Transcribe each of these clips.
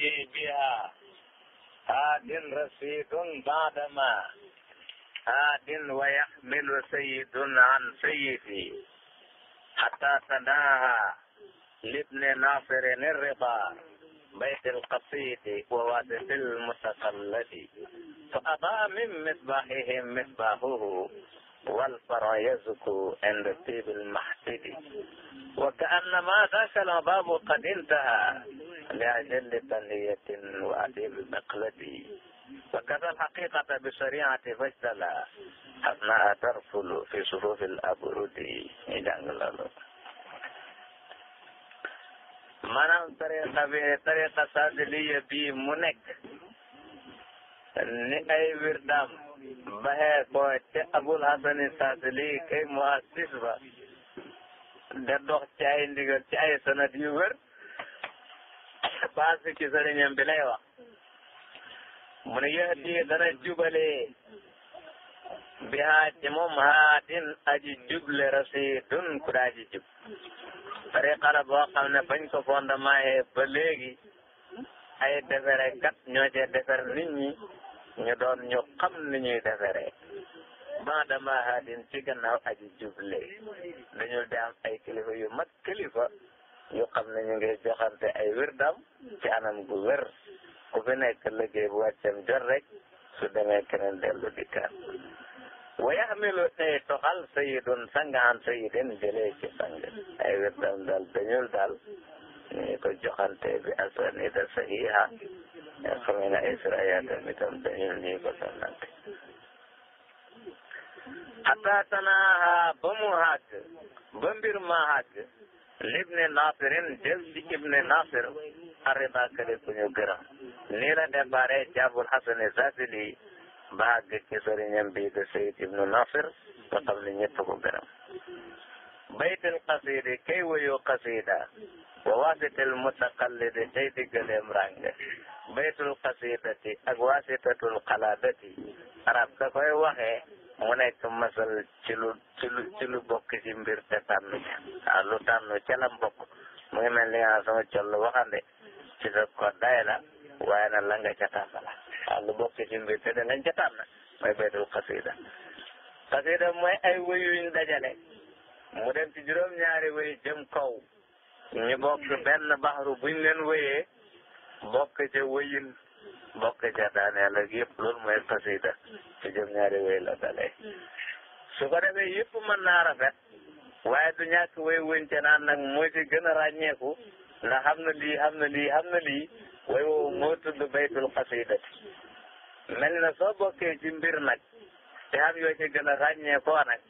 يأتي بها هاد رصيد بعدما هاد ويحمل سيد عن سيدي حتى تناهى لابن ناصر الرضا بيت القصيد ووادث المتقلد فأضاء من مصباحهم مصباحه والفرع يزكو عند طيب المحسد وكأنما ذاك العباب قد انتهى لأجل تنية وأديب مقلد وكذا الحقيقة بشريعة فجدلة أثناء ترفل في صفوف الأبرد maanaam tariqa bi tariqa sadiliya bi mu nekk ni ngay wirdaam baxee ko ca Abul Hasan Saasili kay muassis ba da dox ci ay ndigal ci ay sanad yu ci sëriñam bi wax mu ne yahdi dana jubale bi haa ci moom haadin aji juble rasidun ku daa ji jub tariqa la boo xam ne bañ ko fondement ba léegi ay defere kat ñoo cee defer nit ñi ñu doon ñu xam ni ñuy deferee baada ma haadin ci gannaaw aji juble dañu di am ay kilifa yu mag kilifa yu xam ne ñu ngi joxante ay wirdam ci anam gu wér ku fi nekk liggéey bu wàccam jot rek su demee keneen dellu dikkaat wa yaxmilu day toxal sayidun sangaan sayidin jëlee ci sang ay wirdam daal dañul daal ñu ngi ko joxante bi asanida sahiha nga xamee ne ay surayaatam itam dañu nii ko sonnante xataa tanaaha ba mu xàgg ba mbir ma xàgg libne nasirin jël ci ibne nasir arriba kale ku ñu gërëm nii la débaree jabul xasani zasili ba xàgg ci sëriñam bi de sayid ibnu nasir nga xam ne ñëpp ko gërëm baytil qasidi kay wayu qasida wa wasitil mutaqallidi tey diggaleem ràng baytul qasidati ak wasitatul qaladati arab da koy waxee mu nekk masal ci lu ci lu ci lu bokk ci mbir te tànn ca lu tànn ca la bokk mu ngi mel ni nga sama collu waxande ci sa koddaay la waaye na la nga ca tànn la waaw lu bokk ci mbir te da lañ ca mooy baytul qasida qasida mooy ay wéy dajale mu dem ci juróom-ñaari wéy jëm kaw ñu bokk benn baxru buñ leen wéyee bokk ca wëyin bokk ca daaneel ak yëpp loolu mooy xasida te jëm ñaari wëy la dalee su ko defee yëpp mën naa rafet waaye du ñàkk wëy wëñ ca naan nag moo ci gën a ràññeeku ndax xam na lii xam na lii xam na lii way woowu moo tudd baytul mel na soo bokkee ci mbir nag te am yoo ci gën a ràññeekoo nag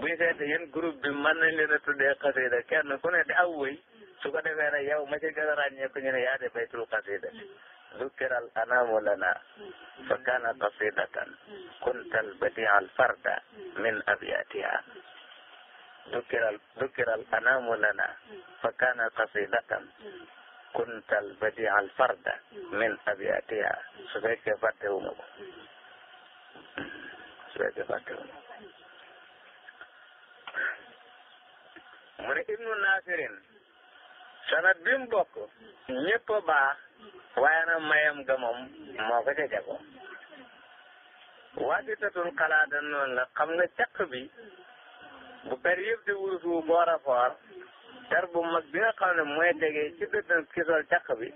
buñ seete yéen groupe bi mën nañ leen a tuddee xasida kenn ku ne di aw wëy su ko defee nag yow ma ca gën a ràññeeku ñu ne yaa de baytul xasida mm. zukiral anaamu lana mm. fa kaana qasidatan kuntal mm. min abiatiha zukiral zukiral anaamu lana fa kaana qasidatan kuntal badial farda min abiatiha su fekkee fàtte wu ma ko ibnu naasirin sanad bi mu bokk ñëpp a baax waaye nag mayam ga moom moo ko ca jago waa gisatul xalaat dañ la xam na caq bi bu per yëpp di wurus wu boor a foor dar bu mag bi nga xam ne mooy tegee ci dëttan ki sol caq bi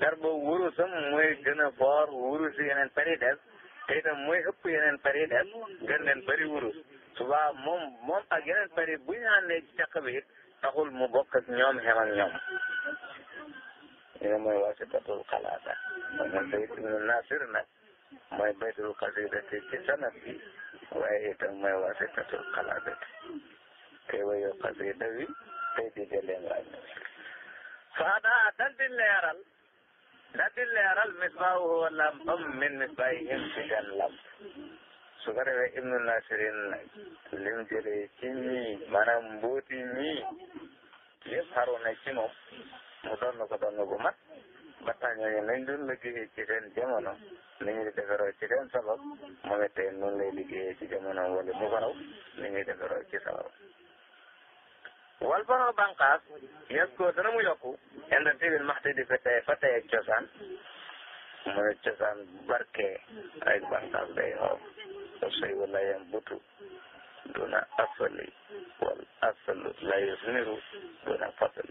dar bu wurusam mooy gën a boor wurus yeneen per yi des te itam mooy ëpp yeneen per yi des gën leen bëri wurus subaa moom moom ak yeneen per yi bu ñu àndee ci bi it taxul mu bokk ak ñoom xem ak ñoom ñu ne mooy wasitatul xalaata moom bayt ibnu nasir nag mooy baytul xasidati ci bi waaye itam mooy wasitatul xalaata tey wayu xasida wi tey di jëleen waaj faadaa dal di leeral dal di leeral misbaahu lampam min misbaahihim ci seen lamp su ko defee ibnu nasirin lim jëlee ci ñii maanaam mbooti ñii yëpp xaru na ci moom mu doon ko doon bu mat ba tax ñooñu nañ doon liggéeyee ci seen jamono ni ñuy defaroo ci seen sabab moom it tey noonu lay liggéeyee ci jamono wala mu baraw ni ñuy defaroo ci sabab. wal banoo bànqaas yas koo dana mu yokku indi tibil di fa tey fa tey ak cosaan mu ne cosaan barke ak bànqaas day xoof الشيء لا ينبت دون أصل والأصل لا يثمر دون فصل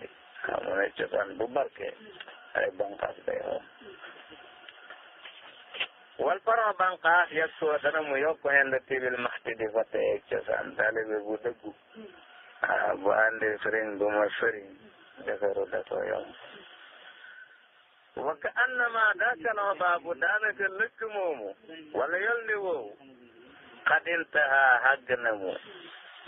mu ne cosaan bu barke ay banqaas day xoom wal farax banqaas yag soo dana mu yokk hen da tibil maxti di fa teeg cosaan taalibe bu dëggu a ah, bu àndee sëriñ bu ma sëriñ defaru da ko yomb wa ka annama daakal abaabu daanaka lëkk moomu wala yol ni woowu qad intaha xàgg na mu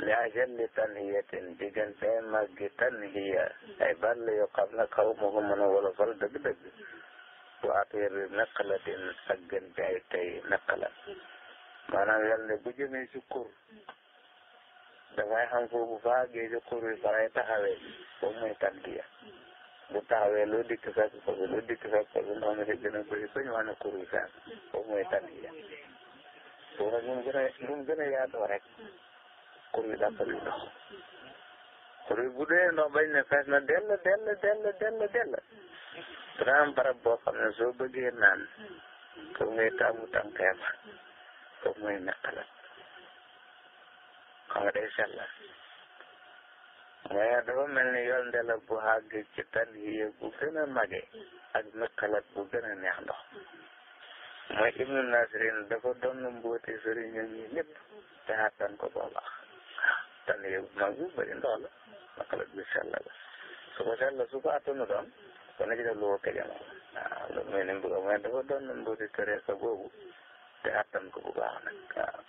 li ajalli tanhiyatin diggante ay màggi tanhiya ay bàll yoo xam ne xaw ma ko mën a wolofal dëgg-dëgg waatir naqalatin ak gën ci ay tey naqala maanaam yàlla bu jëmee ci kur dafay xam foofu bu faagee ci kur bi faray taxawee boobu muy tanhiya bu taxawee loo dikk fekk ko bi loo dikk fekk ko bi noonu si dina ko si suñu wane kur bi fekk boobu muy tanhiya loolu nag moom gën a moom gën a yaatoo rek xur wi dàppali ndox xur bu dee ndox bañ ne fees na dell dell dell dell dell dana am barab boo xam ne soo bëggee naan foofu ngay taamu tànkee fa foofu ngay meqalat xam nga day sellal mais dafa mel ni yoon bu àgg ci tan yi bu gën a mage ak meqalat bu gën a neex ndox mooy ah, ibnu nasirin dafa doon mbooti sëriñam yi lépp te xattan ko boo baax tan yow mag bi bëri ndox la makalat bi sell la su ko ko attanu doon dana ci def lu ko kejama waaw mooy ni mu bëgg mooy dafa doon mbooti tariqa boobu te xattan ko bu baax nag waaw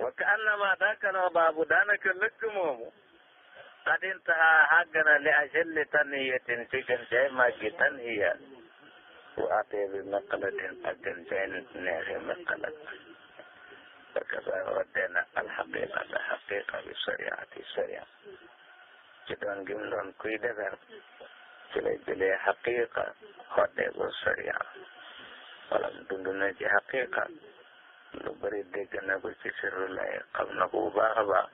wa ka annama daakano baabu daanaka lëkk moomu qad intaha xàgg na li ajalli tanhiyatin ci gën cay màggi bu atee bi meqalateen ak ten seeni neexee meqalat fekk saa wattee na alxaqiqata xaqiqa bi sariati sariat ci doon gim doon kuy defar ci lay jëlee xaqiqa xottee ko saria wala dund na ci xaqiqa lu bëri dégg na ko ci sirru lay xam na bu baax a baax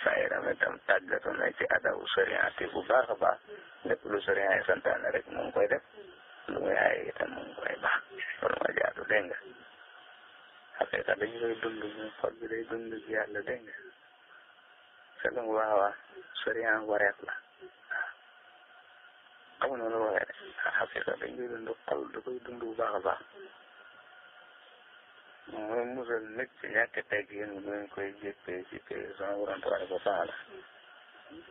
saa yaram itam tàggatu na ci adabu sariati bu baax a baax lépp lu saria yi santaane rek mu ngi koy def lu muy ay itam moom mooy baax kon mooy jaadu dégg nga xaqiqa dañu koy dund ñu xol bi day dund ci yàlla dégg nga seetlu nga baax a baax soriyan wareet la waaw xamuñu lu waxee de xaqiqa dañu koy dund xol da koy dund bu baax a baax mooy musal nit ci ñàkk teggin ñu koy jéppee ci kii sama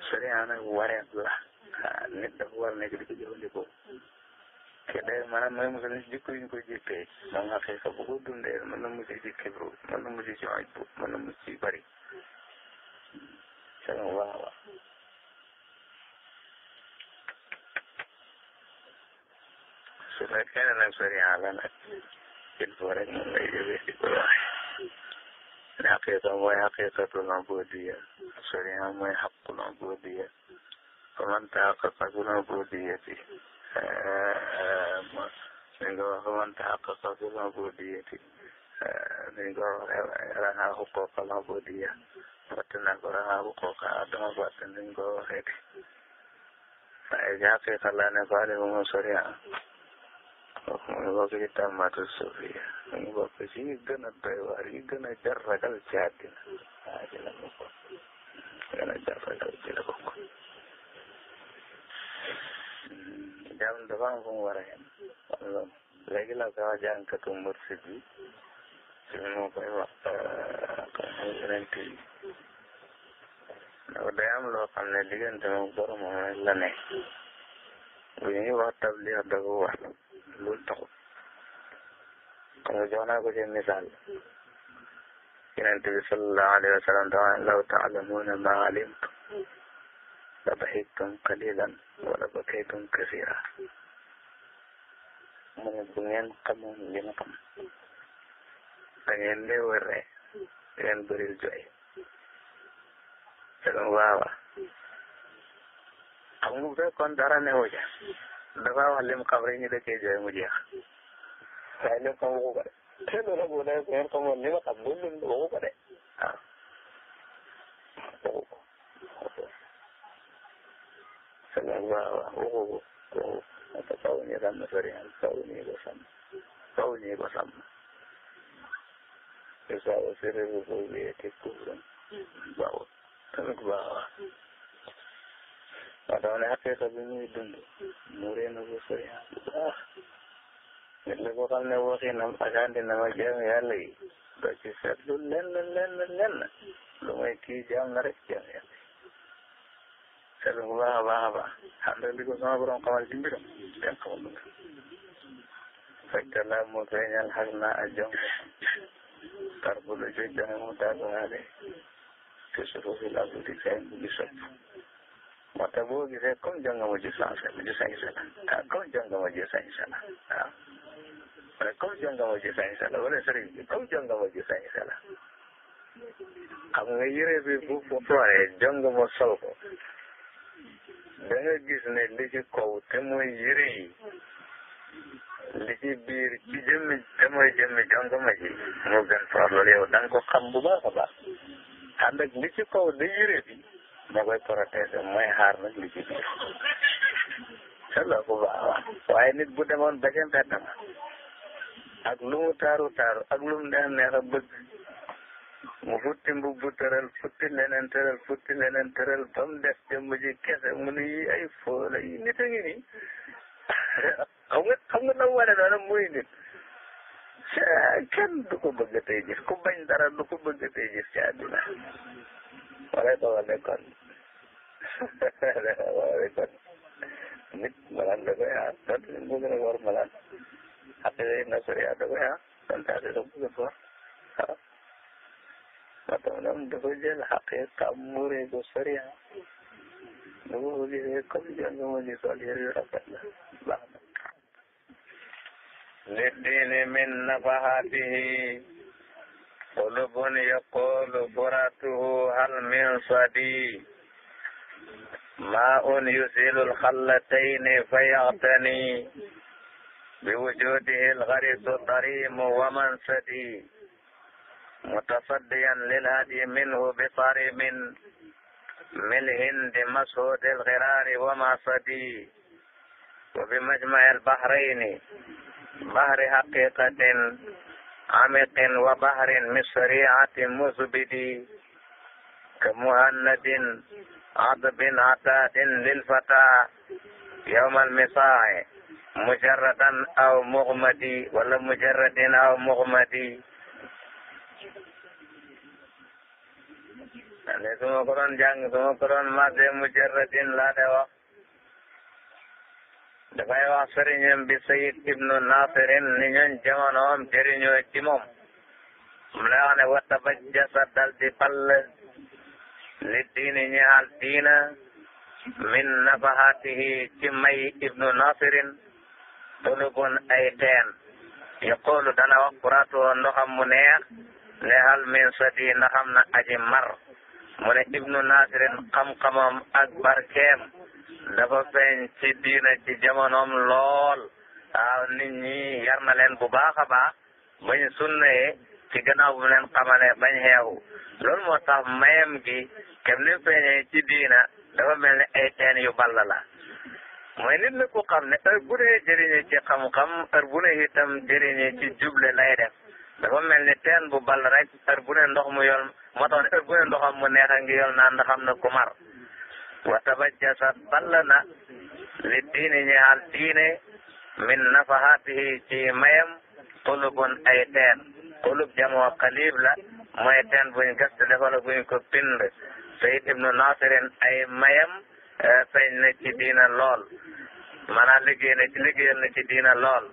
soriyan nag wareet la ah, nit dafa war nekk di ko jëfandikoo ki day maanaam mooy mos a leen si jikko yu ñu ko jikkee moom xaqiqa bu ko dundee mën na mujj ci kibru mën na mujj ci ojbu mën na mujj ci bari. sama waaw waaw. su fekkee ne nag sariya la nag il faut rek moom lay jógee di ko waxee. ne xaqiqa mooy xaqiqatul ubudiyya sariya mooy xaqul ubudiyya fa man taxaqqaqa al ubudiyyati ni nga wax man taxaqa fi ubudiyati ni nga wax ranaa xuquuqa al ubudiyya fàtte naa ko ranaa xuquuqa adama fàtte ni nga ko waxee ti waaye ji ne faale bu mu sori ah kooku mu ngi bokk ci tàmmatu suufiya mu ngi bokk ci yi gën a doy waar yi gën a jar ragal ci àddina jaam dafa am fu mu war a yem léegi la ko wax jànkatu si moo koy wax euh, yonent yi ndax day am loo xam ne diggante moom boromam rek la nekk bu ñuy wax tabliix dafa wax loolu taxul xam nga jox naa ko ci misaal yonent bi sallallahu alayhi wa law taalamuuna ma labaxittum qalilan wala bakaytum kasira mu ne bu ngeen xamoon ma xam da ngeen dee wërre da ngeen bëril jooy te waawa xam nga bu fekkoon dara newu ja dafa wax lim xam rek ñu dëkkee jooy mu jeex waaye ko de te loolu bu dee bu ngeen xamoon li ma xam loolu ko de waaw sannan ba ba uku ko ta tsauni ran na sori an tsauni sam tsauni ba sam ya sa wa sai ko bai ya ta kurin ba wa tamik ba wa ba da wani haka ya kabi mai dundu nure na ko sori ko kan ne wasu nan a kan da na majiyar ya lai ba ki sa lennan lennan lennan ki jam na rikiyar ya seetlu bu baax a baax a baax xam nga li ko sama borom xamal ci mbiram kenn xamul lu fekk na mu feeñal xas naa a jong tar bu lu jóg dana mu daagaale te suuf si laa bëgg di feeñ di sopp moo tax boo gisee comme jong nga ma ji sañse ji sañse la ah comme jong nga ma ji sañse la waaw wala comme jong nga ma ji sañse la wala sëriñ bi comme jong nga ma ji sañse la xam nga yére bi bu bu ployé jong nga ma sol ko. da nga gis ne li ci kaw te muy yëre yi li ci biir ji moo gën fort loolu yow ko xam bu baax a baax ànd ak li ci kaw da yëre bi moo koy protéger mooy xaar nag li ci biir solo bu baax a baax waaye nit bu demoon ba ca ma ak lu mu taaru taaru ak lu mu neex mu futti mbubbu tëral futti leneen tëral futti leneen tëral ba mu des jëmm ji kese mu ne yii ay la yii nit a ngi nii xam nga xam nga la wane noonu muy nit kenn du ko bëgg tey gis ku bañ dara du ko bëgg tey gis ci àddina wala dogal ne kon wala nit malaan da koy aar kon mu gën a na sori da koy kon daal da ko bëgg a for ma doonam dafa jël xaqiqa muure ko sariya ah. nu ma ko gisee comme jàng ma ñu sol yére yu rafet la baax na li diini min nafahatihi qulubun yaqulu buratuhu hal min sadi maa'un yusilu lxallatayni fa yaxtani bi wujudihi lxarisu tarimu wa man sadi mutasaddiyan lil hadi minhu bi sarimin ملهن بمسهود الغرار وما صدي وبمجمع البحرين بحر حقيقة عمق وبحر مسريعة مزبد كمهند عضب عتاد للفتى يوم المصاع مجردا أو مغمد ولا مجرد أو مغمد ne su ma ko doon jàng su ma laa de wax dafay wax sëriñam bi sayid ibnu nasirin ni ñoñ jamonoom jëriñoo ci mu lay ne wata ba jasa dal di pall li diini ñaal diina min nafahatihi ci may ibnu nasirin tulubun ay teen yaqulu dana wax kuraatu ndoxam mu neex ne hal min sadi ndaxam na aji mar mu ne ibnu nasirin xam-xamam ak barkeem dafa feeñ ci diina ci jamonoom lool waaw nit ñi yar na leen bu baax a baax bañ sunnayee ci gannaaw bu mu leen xamalee bañ xeewu loolu moo tax mayam gi kem ni feeñee ci diina dafa mel ni ay teen yu balla la mooy nit la ku xam ne heure bu dee jëriñu ci xam-xam heure bu ne itam jëriñu ci juble lay def dafa mel ni teen bu ball rek heure bu ne ndox mu yol moo tax heure bu ne ndoxam mu neex a ngi yor naan ndax na ku mar wa tabajjasa ball na li diine ñaal diine min nafahaatihi ci mayam xulubun ay teen xulub jamoo xalib la mooy teen buñ gëstu defal buñ ko pind sayid ibnu nasirin ay mayam eh, feeñ na ci diina lool maanaam liggéey na ci liggéeyal na ci diina lool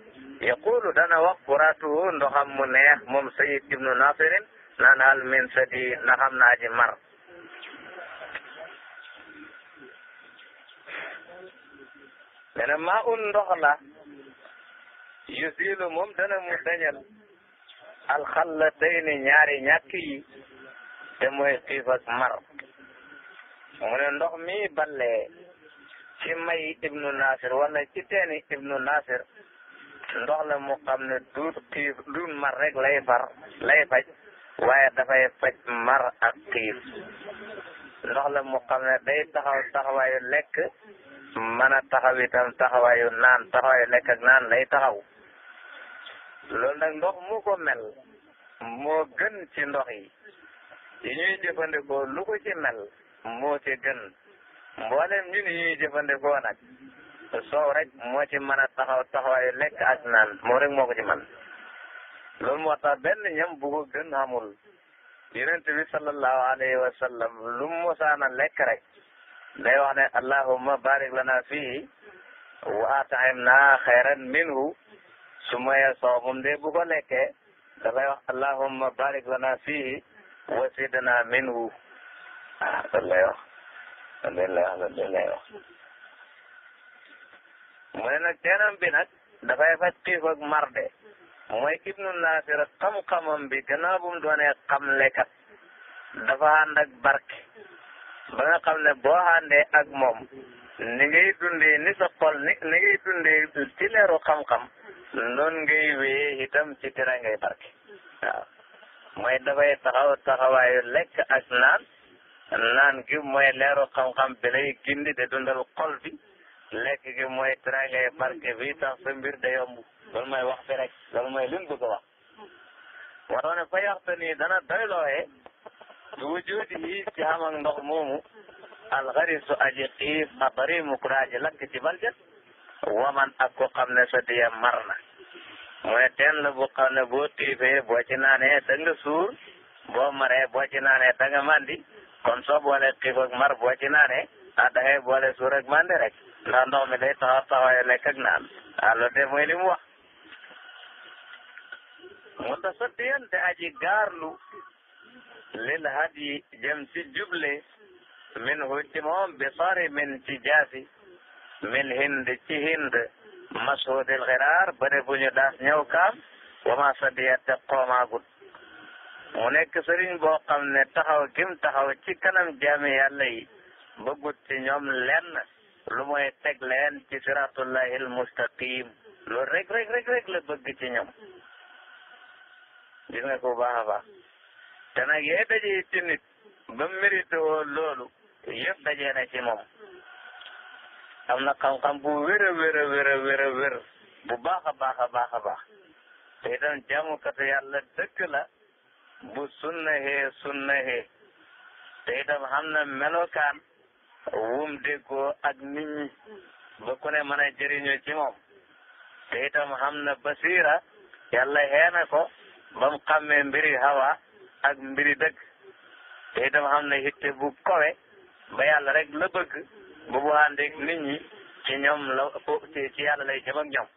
yaqulu dana wax kuraatuhu ndoxam mu neex moom sayid ibnu nasirin nanal min sadi na xam naa ji mar mene maa un ndox la yusilu moom dana mu dañal alxallatayni ñaari ñàkk yi te mooy xiif ak mar mu ne ndox mi ballee ci may ibnu nasir wala ci teeni ibnu nasir ndox la mu xam ne duut xiif duut mar rek lay far lay faj waaye dafay faj mar ak xiif ndox la mu xam ne day taxaw taxawaayu lekk mën a taxaw itam taxawaayu naan taxawaayu lekk ak naan lay taxaw loolu nag ndox mu ko mel moo gën ci ndox yi yi ñuy jëfandikoo lu ko ci mel moo ci gën mboolem ñun yi ñuy jëfandikoo nag soow rek moo ci mën a taxaw taxawaayu lekk ak naan moom rek moo ko ci man loolu moo tax benn ñam bu gën amul yonent bi sallallahu alayhi wa lu mu mosaana lekk rek day wax ne allahumma barik lana fii wa at'imna xayran minhu su maye soo moom de bu ko dafay wax allahumma barik lana fii wa zidna minhu ah loolu lay wax loolu lay wax mu ne nag teenam bi nag dafay faj xiif ak marde mooy ibnu naasir xam-xamam bi gannaaw bu mu doonee xamlekat dafa ànd ak barke ba nga xam ne boo àndee ak moom ni ngay dundee ni sa xol ni ni ngay dundee ci leeru xam-xam noonu ngay wéyee itam ci tira ngay barke waaw mooy dafay taxaw taxawaayu lekk ak naan naan gi mooy leeru xam-xam bi lay gindi de dundal xol bi lekk gi mooy tira ngay barke bi tax sa mbir da yomb loolu may wax fi rek loolu mooy lim bëgg a wax waroon ne fa yaxta nii dana doylooyee lu wujuudi yi ci xam ak ndox moomu alxarisu aji xiif xabari mu kuraaji lakk ci baljat waman ak ko xam ne sa diya mar na mu ne teen la bu ne boo tiifee boo ci naanee da nga suur boo maree boo ci naanee da mandi kon soo boole xiif ak mar boo ci naanee ah da ngay day taxaw taxawee nekk ak naan ah, de mooy li mu wax mutasaddiyan te aji gaarlu lil hadi jëm ci juble min hu ci moom bi sari min ci jaasi min hind ci hind mashuudil xiraar bare bu ñu daas ñëw kaam wa ma sadiya te qoomaagut mu nekk sëriñ boo xam ne taxaw gim taxaw ci kanam jaami yàlla yi bëggut ci ñoom lenn lu mooy teg leen ci siratullahil mustaqim loolu rek rek rek la bëgg ci ñoom gis nga ko baax a baax te yee daje ci nit ba mu mérite loolu yëpp dajee na ci moom am na xam-xam bu wér a wér a bu baax a baax a baax a baax te itam jaamukatu yàlla dëkk la bu sunnahee sunnahee te itam xam na melokaan wum déggoo ak nit ñi ba ku ne mën a jëriñoo ci moom te itam xam na basiira yàlla xeena ko ba mu xàmmee mbiri hawa ak mbiri dëgg te itam xam ne hitte bu kowe ba yàlla rek la bëgg bu bu ñi ci ñoom la ci yàlla lay jëm ñoom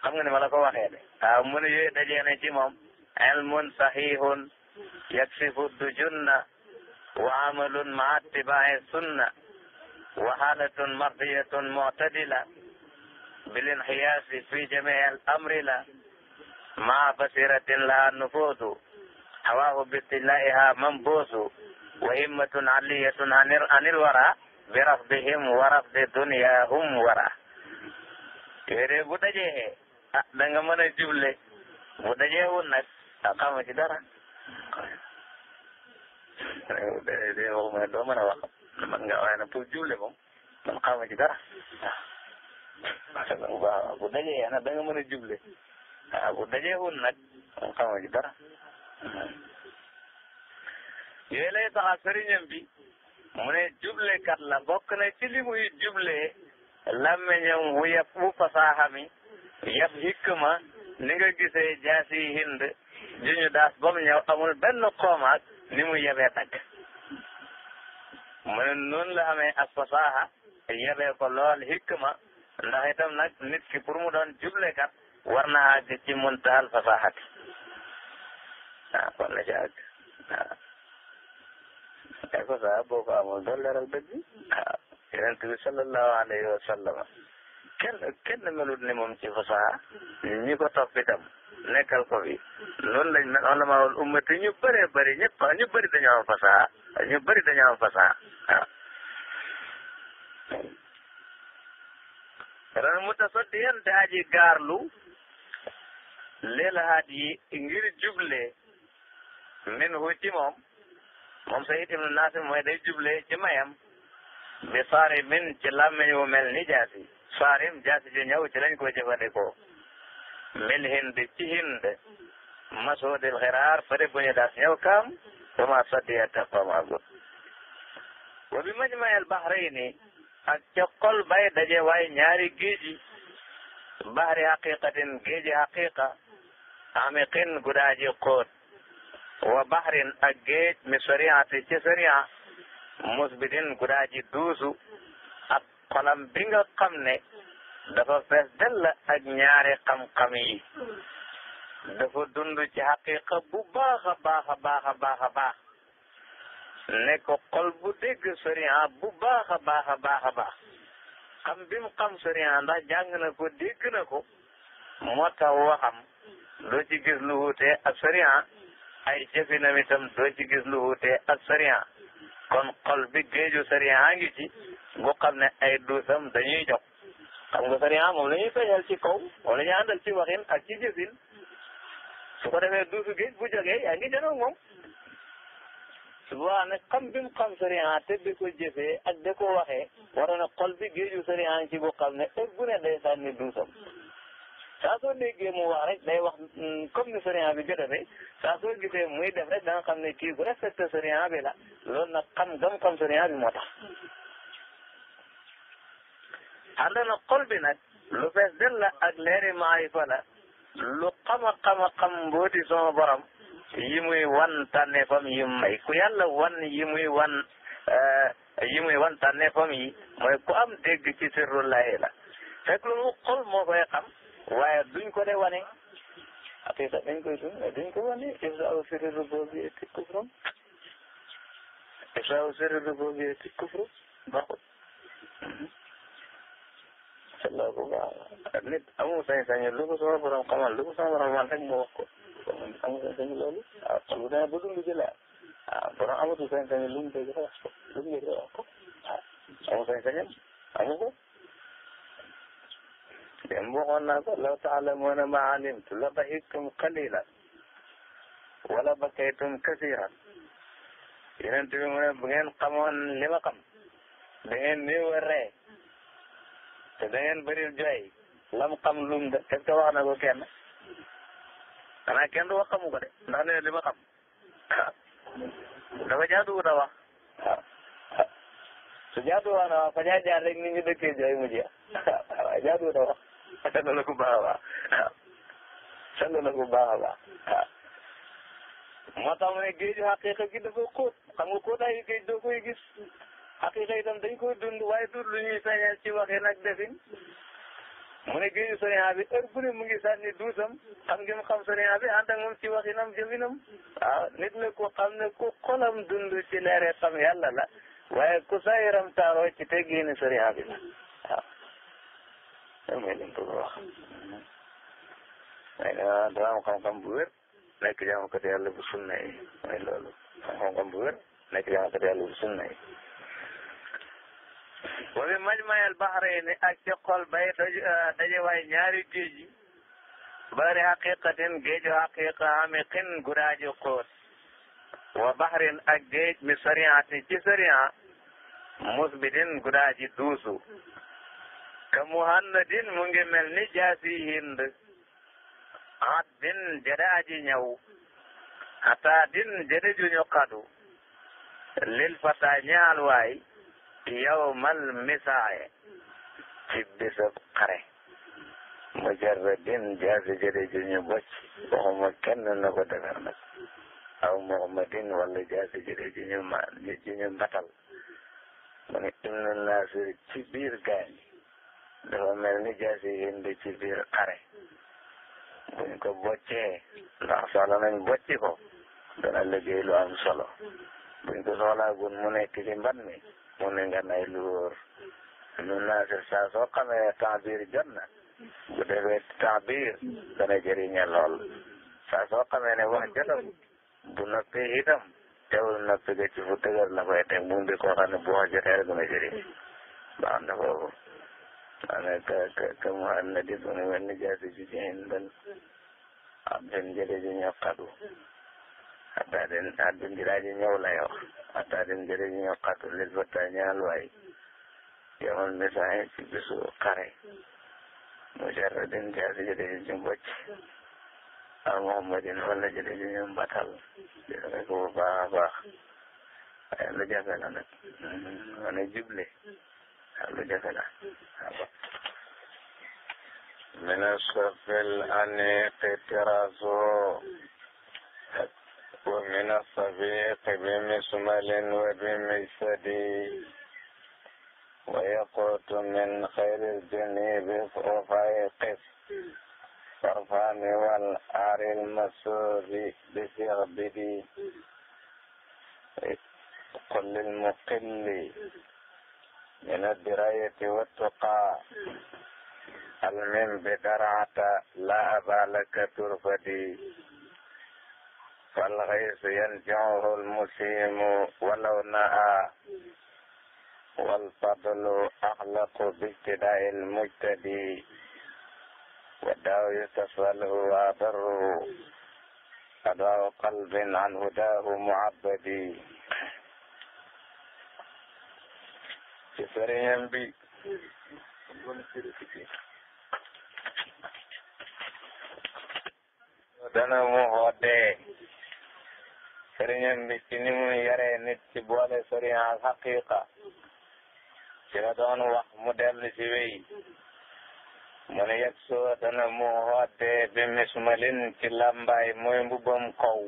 xam nga ni ma la ko waxee de waaw mu ne yooyu dajee na ci moom ilmun sahihun yaksifu dujunna wa amalun ma attibaai sunna wa halatun mardiyatun mu'tadila bil inxiyaasi fi jamii al amri maa basiratin laa nufuusu hawaahu bittilaiha mambuusu wa himmatun aliyatun anil wara bi rafdihim wa rafdi wara yooyu bu dajee ah da nga mën a juble bu dajee wun nag ah xamu ci dara waxuma doo mën a wax man nga waaye nag juble moom man xamu ci dara bu dajee nag ah, da mën a juble ah bu dajeewul nag moom xamoo ci dara. a sëriñam bi mu ne jublekat la bokk na ci li muy jublee làmmeñam wu yab bu fasaaxa mi yab hikma ni nga gisee jaasi hind ju ñu daas ba mu ñëw amul benn xoomaak ni mu yabee tagg mu ne noonu la amee as fasaaxa yabee ko lool hikma ndax itam nag nit ki pour mu doon jublekat war na àgg ci muntahal fasaxati ah war na ci àgg waaw. tey ko sax boo ko amoon doo leeral bi sallallahu alayhi wa kenn kenn melut ni moom ci fasaxa ñi ko topp itam nekkal ko fi noonu lañ mel on la ummati ñu bëree bëri ñëpp ñu bëri dañoo am fasaxa ñu bëri dañoo am fasaxa waaw. ren mu tasaddiyan te aji gaarlu lil hadi ngir juble min hu ci moom moom Sayyid ibnu Naasim mooy day juble ci mayam bi saari min ci làmmiñ wu mel ni jaasi saarim jaasi ju ñëw ci lañ ko jëfandikoo min hind ci hind masudil xiraar fële bu ñu daas ñëw kaam dama sadiya taqamagut wa bi majmael bahrayni ak ca xol bay daje waay ñaari géeji bahri haqiqatin géeji haqiqa amiqin gudaaji xóot wa bahrin ak géej mi soriati ci soria musbidin gudaaji duusu ak xolam bi nga xam ne dafa fees dell ak ñaari xam-xam yi dafa dund ci xaqiqa bu baax a baax a baax a baax a baax ne ko xol bu dégg soriant bu baax a baax a baax a baax xam bi mu xam soriant ndax jàng na ko dégg na ko moo tax waxam doo ci gis lu wuute ak sariya ay jëfinam itam doo ci gis lu wuute ak sariya kon xol bi géeju sariya ngi ci bu xam ne ay duusam dañuy jox xam nga sariya moom la ñuy feeñal ci kaw moom la ñuy àndal ci waxin ak ci gisin su ko defee duusu géej bu jógee yaa ngi jënoog moom su boobaa nag xam bi mu xam sariya te di ko jëfee ak di ko waxee waroon na xol bi géeju sariya ngi ci bu xam ne heure bu ne day sànni duusam saa soo déggee mu wax rek day wax mm, comme ni sëriñ bi jot a saa soo gisee muy def rek da nga xam ne kii bu respecté sëriñ bi la loolu nag xam gam xam sëriñ bi moo tax. ànd bi nag lu fees del la ak leeri maarifa la lu xama xama xam mbooti sama borom yi muy wan tànneefam yi may ku yàlla wan yi muy wan eh, yi muy wan tànneefam yi mooy ku am dégg ci sirru laay la fekk lu mu moo koy xam. waaye duñ ko de wane ati sax dañ koy dund mais ko wane ifzaaw sirri rububiyyati kufrun ifzaaw sirri rububiyyati kufrun baaxul seetlu ko baax nit amul sañ-sañu lu ko sama borom xamal lu ko sama borom xamal rek mu wax ko amul sañ-sañu loolu waaw ah, lu demee ba dund ci leer waaw ah, borom amatul sañ-sañu lu mu dégg wax ko lu mu dégg wax ko ah, amu ko dem waxoon naa ko law taalamuuna ma alimtu la dahiktum qalilan wala bakaytum kasiran yonent bi mu ne bu ngeen xamoon li ma xam da ngeen néew a ree te da lam xam lum de est-ce ko kenn xanaa kenn du wax xamu ko de ndax nee li ma xam dafa jaaduwut wa wax su jaaduwut a wax fa mu jeex waaw jaaduwut a sant na ko baax a baax waaw sant na ko baax a baax waaw. moo tax mu ne géeju xaqiqa gi dafa xóot xam nga xóotaayu géej doo koy gis xaqiqa itam dañ koy dund waaye du lu ñuy feeñal ci waxin ak defin mu ne géeju sariya bi heure bu mu ngi sànni duusam xam ngeen xam sariya bi ànd ak moom ci waxinam jëfinam waaw ah, nit la ku xam ne ku xolam dund ci leere xam yàlla la waaye ku sa yaram taaroo ci teggiini sariya bi la. loolu mooy li mu bëgg a wax. waaye dama dama am xam-xam bu wér nekk jaamukat yàlla bu sunna yi mooy loolu xam-xam bu wér nekk jaamukat yàlla bu sunna yi. wa bi majmayal bahrayni ak ci xol bay ah, dajewaay ñaari géej yi. bari xaqiqatin géeju xaqiqa amiqin guraaji xóot. wa bahrin ak géej mi sariati ci sariya musbitin guraaji duusu. ka muhammadin mu ngi mel ni jaasi hind haddin jada aji ñaw hataa din jada juñu kadu lil fata ñaal waay yawmal misaaye ci bisab xare mujarradin jaasi jada juñu bocc waxuma kenn na ko defar nag aw muhammadin walla jaasi jada juñu ma juñu mbatal mu ne ibnu nasir ci biir gaañ dafa mel ni jaasi yëndu ci biir xare buñ ko boccee ndax soxla nañ bocci ko dana liggéey lu am solo buñ ko soxlaa gun mu nekk ci mban mi mu ne nga nay lu wóor nu naa se saa soo xamee jot na bu defee temps biir dana jëriñe lool saa soo xamee ne wax jotam bu noppee itam teewul noppi ga ci fu tëgër la koy teg mu ngi koo xam ne bu wax jotee maanaam ka ka ka mu ànd na di sunu mel ni jaasi ji ci hindal abdin jële ji ñoqatu hatta den abdin jële ji ñëw lay wax hatta den jële ji ñoqatu lil fata ñaal waay yamal misaay ci bisu xare mujarradin jaasi jële ji ci mbocc al muhammadin wala jële ji ñu mbatal dina ko bu baax a baax waaye lu jafe la nag ma ne lu jafe la min asafil aniqi tiraso wa min asabiqi bimismalin wa bimisadi wa yaqutu min xayri ljanibi fayqis farfani wal ari lmasubi bisirbidi qul lilmuqilli min addirayati wattuqaa almin bidarata la abalaka turbadi فالغيث ينجعه المسيم ولو نأى والفضل أخلق باجتداء المجتدي والداء يتسأله وأضره أداء قلب عن هداه معبدي ci sëriñam bi dana mu xoodee sëriñam ci ni mu yaree nit ci boole sëriñ ak xaqiqa ci la wax mu dellu ci wéy mu ne yegg soo dana mu xoodee bi mismalin ci làmbaay mooy mbubam kaw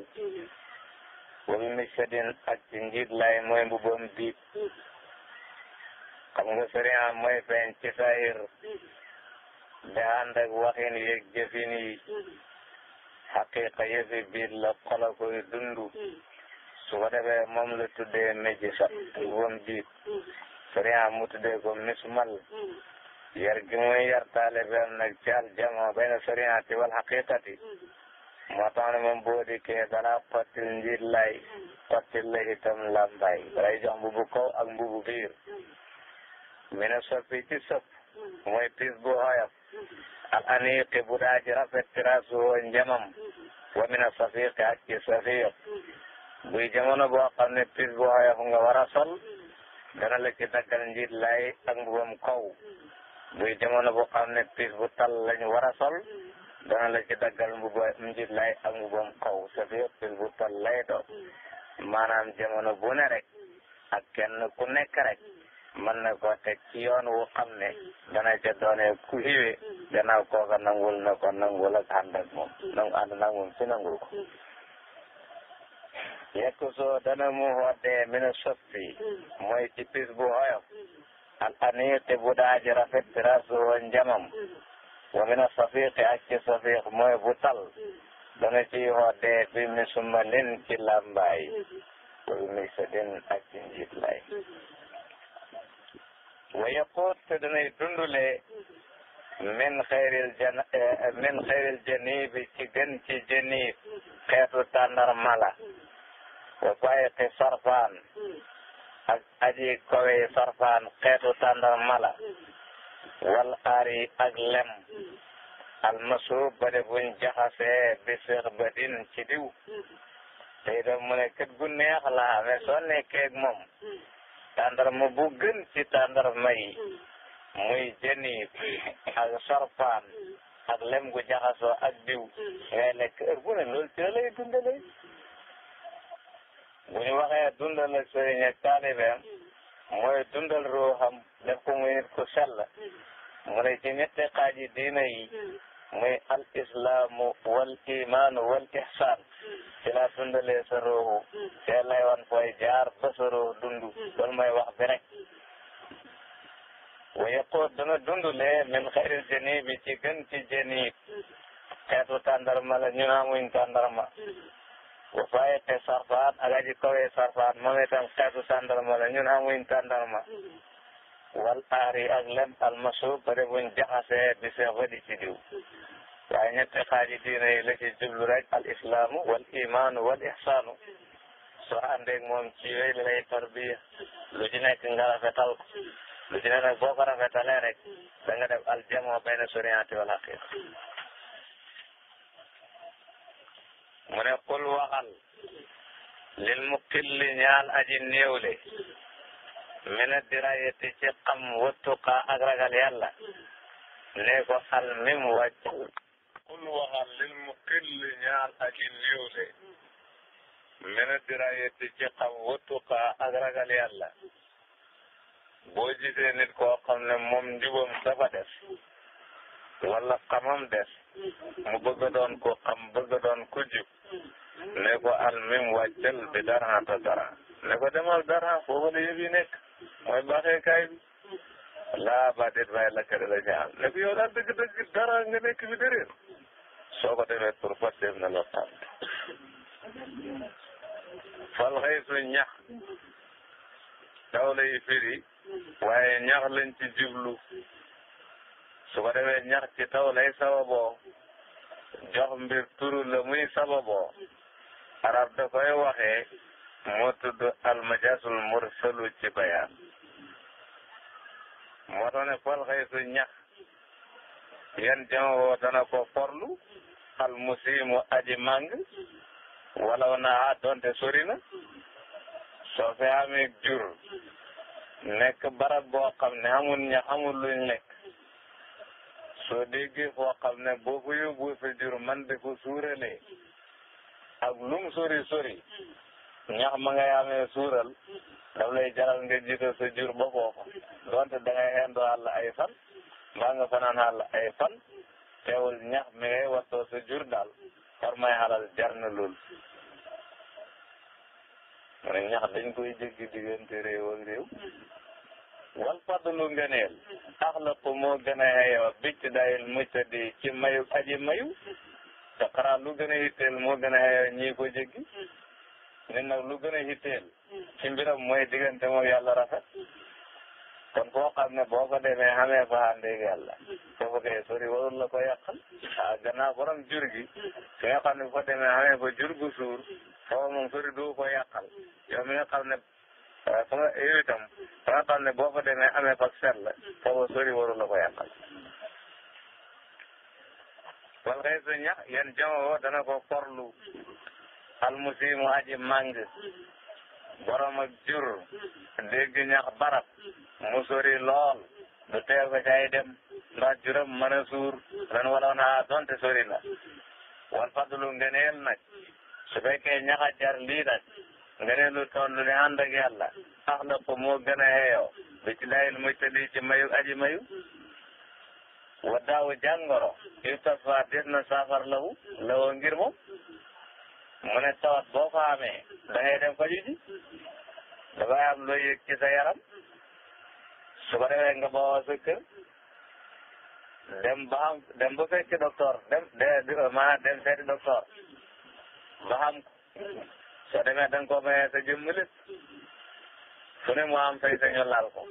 wa bi misadin ak ci njiit lay mooy mbubam biib xam nga sariya mooy feeñ ci saayir da ànd ak waxin yeeg jëfin yi xaqiqa yëfi biir la xol a koy dund su ko defee moom la tuddee méji sax woon biir sariya mu tuddee ko mismal yar gi muy yar taalibeem nag ci aljama bayna sariyati wal xaqiqati moo tax ne moom boo dikkee danaa xottil njiit lay xottil la itam lambay balay jox mbubu kaw ak mbubu biir mina soppi ci sopp mooy pis bu xoyof al aniqi bu daa ji rafet tiraasu woo njamam wa mina safiqi ak ci safiq buy jamono boo xam ne pis bu xoyof nga war a sol dana la ci daggal njiit lay ak mbubam kaw buy jamono boo xam ne pis bu tal lañ war a sol dana la ci daggal mbubam njiit lay ak mbubam kaw safiq pis bu tal lay do maanaam jamono bu ne ak kenn ku nekk rek man na ko teg ci yoon wu xam ne dana ca doonee ku xiwe gannaaw kooka nangul na ko nangul ak ànd ak moom nangu ànd nag moom yekk soo dana mu xootee mi na soppi mooy ci pis bu xoyof al aniqi bu daaji rafet tirasu woon wa mi na safiqi ak ci safiq mooy bu tal dana ciy xootee mi suma ci làmbaay wa bi mi sa din ak ci njiit lay wa yaquut te dundule min xayril jan min xayril janib ci gën ci janib xeetu tàndar mala wa bayqi sarfaan ak aji kowe sarfaan xeetu tàndar mala wal ari ak lem almasuub ba de buñ jaxasee bi ba din ci diw te itam mu ne kët gu neex la mais soo nekkee ak moom tàndarma bu gën ci tàndarma yi hmm. muy jëniib ak sarpaan ak lem gu jaxasoo ak diw hmm. ngay lekk heure bu loolu ci la lay dundalee bu ñu waxee dundal ak sëriñ ak taalibeem hmm. mooy dundal ruuxam def ko muy nit ku sell mu ne ci ñetti xaaji muy al islaamu wal imaanu wal ihsaan ci laa dundalee sa ruuxu te lay wan fooy jaar ba sa ruux dundu loolu mooy wax bi rek wa yaqoo dana dundulee min xayril jani bi ci gën ci jani xeetu tàndarma la ñu naamuñ tàndarma wa fayete sarfaat ak aji kawee sarfaat moom itam xeetu tàndarma la ñu naamuñ tàndarma wal aari ak len almasu bëri buñ jaxasee di seexa ci diw waaye ñetti xaaji diine yi ci jublu al islaamu wal imaanu wal ihsaanu soo àndeeg moom ci yooyu lay tarbiya lu ci nga rafetal ko lu ci nekk nag boo rek da nga def al jamoo bayna wal haqiiqa mu ne qul waxal lil muqilli ñaal aji néewle mina dirayati ci xam wattuqa ak ragal yàlla ne ko xal mim wàcc kul waxal lil mu xilli ñaar ak i néew le mina dirayati ci xam wattuqa ak ragal yàlla boo gisee nit koo xam ne moom njubam dafa des wala xamam des mu bëgg doon ko xam bëgg doon ko jub ne ko al mim bi dara ta dara ne ko demal dara foofu la nekk mooy baaxee kaay la ba déet waaye lakkale la ñu am léegi yow daal dëgg-dëgg dara nga nekk bi soo ko defee pour fat def na loo tàmm fal xëy su ñax daw lay firi waaye ñax lañ ci jublu su ko deme ñax ci taw lay sababoo jox mbir turu la muy sababoo arab da koy waxee moo tudd almajasul mursalu ci bayaan moo tax ne fal xaysu ñax yan jama woo dana ko forlu al musiimu aji màng walaw naa donte sori na soo fi amee jur nekk barab boo xam ne amul ñax amul luñ lekk soo déggee foo xam ne boo ko yóbbu sa jur man de ko suurale ak lum sori sori ñax ma ngay amee suural daf lay jaral nga jiital sa jur ba foofa donte da ngay xendoo ay fan mbaa nga fanaan àll ay fan teewul ñax mi ngay wattoo sa jur daal war may xalal jar na lool. mu ne ñax dañ koy jéggi diggante réew ak réew wal fadlu ngëneel axlaqu moo gën a xeyoo bicc dayil muccadi ci mayu aji mayu te xaraa lu gën a yitteel moo gën a xeyoo ñii ko jéggi nit nag lu gën a yitteel hmm. ci mbiram mooy diggante moom yàlla rafet kon koo xam ne boo ko demee xamee faxandeeg yàlla hmm. soo ko koy sori warul la ko yàqal hmm. ah gannaaw borom jur gi ki nga xam ne ko demee xamee ko jur gu suur foofu moom sori du ko yàqal yow mi nga xam ne fa ah, nga yow itam fa nga xam ne boo ko demee xamee fak set la foofu sori warul la ko yàqal wal xëy sa ñax yan dana ko korlu almusi mu aji màng borom ak jur dégg ñax barab mu lool du tee ko cay dem ndax juram mën a suur ren wala naa donte sori la wal fadlu ngëneel nag su fekkee ñax a jar lii nag ngëneel lu toll lu ne ànd ax la ko moo gën a xeeyoo bi ci layil muy tëddi mayu aji mayu wa daawu jàngoro yu tas faa des na saafar lawu lawoo ngir mu ne tawat boo ko amee da dem faju ji dafay am looy yëg ci sa yaram su ko defee nga bawoo sa dem ba xam dem ba fekki docteur dem de maanaam dem seeti docteur ba xam soo demee dang nga koo mayee sa jëmm lépp fu ne mu am sañ-sañu laal ko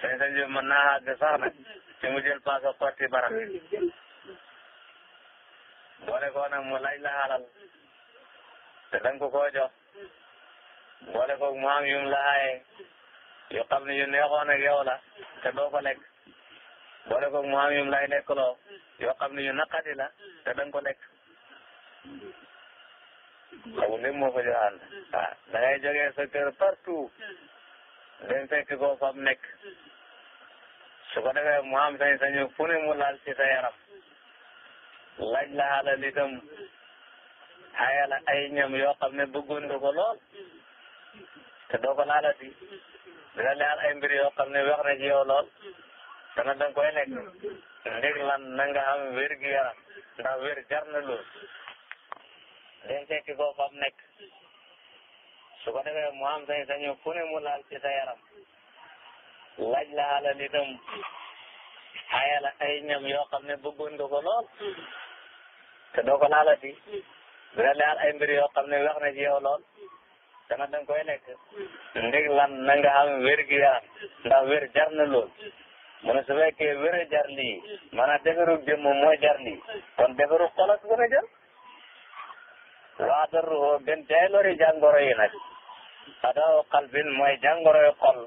sañ-sañ bi mën naa àgg sax nag ci mu jël paaka xotti barab boole ko nag mu laaj la xalal te danga ko koo jox boole ko mu am yum la xaye yu ne yu neexoon ak la te doo ko lek boole ko mu am yum lay lekkloo yoo xam ne yu naqadi la te danga ko lekk xamul lépp moo ko joxaan ah, waaw da ngay jógee sa kër partout dem fekk ko fam nekk su ko defee mu am sañ-sañu fu ne mu laal laaj la xalal itam xayal ay ñam yoo xam ne bëggoon nga ko lool te doo ko laalati dina laal ay mbir yoo xam ne wax na ci yow lool ko danga koy lekk ndig lan na nga am wér gi yaram ndax wér jar na den tekki ko fam nekk su ko defee mu am sañ-sañu fu ne mu laal ci sa yaram laaj la xalal itam xayal ay ñam yoo xam ne bëggoon nga ko lool te doo ko laalati dina laal ay mbir yoo xam ne wax na ci yow lool dama da koy nekk ndig lan na nga am wér gi yaram ndax wér jar na lool mu ne su fekkee wér a jar lii maanaam defaru jëmm mooy jar lii kon defaru xol ak gën a jar waa daru hoo gën jaay lori jàngoro yi nag adaaw qalbin mooy jàngoro yu xol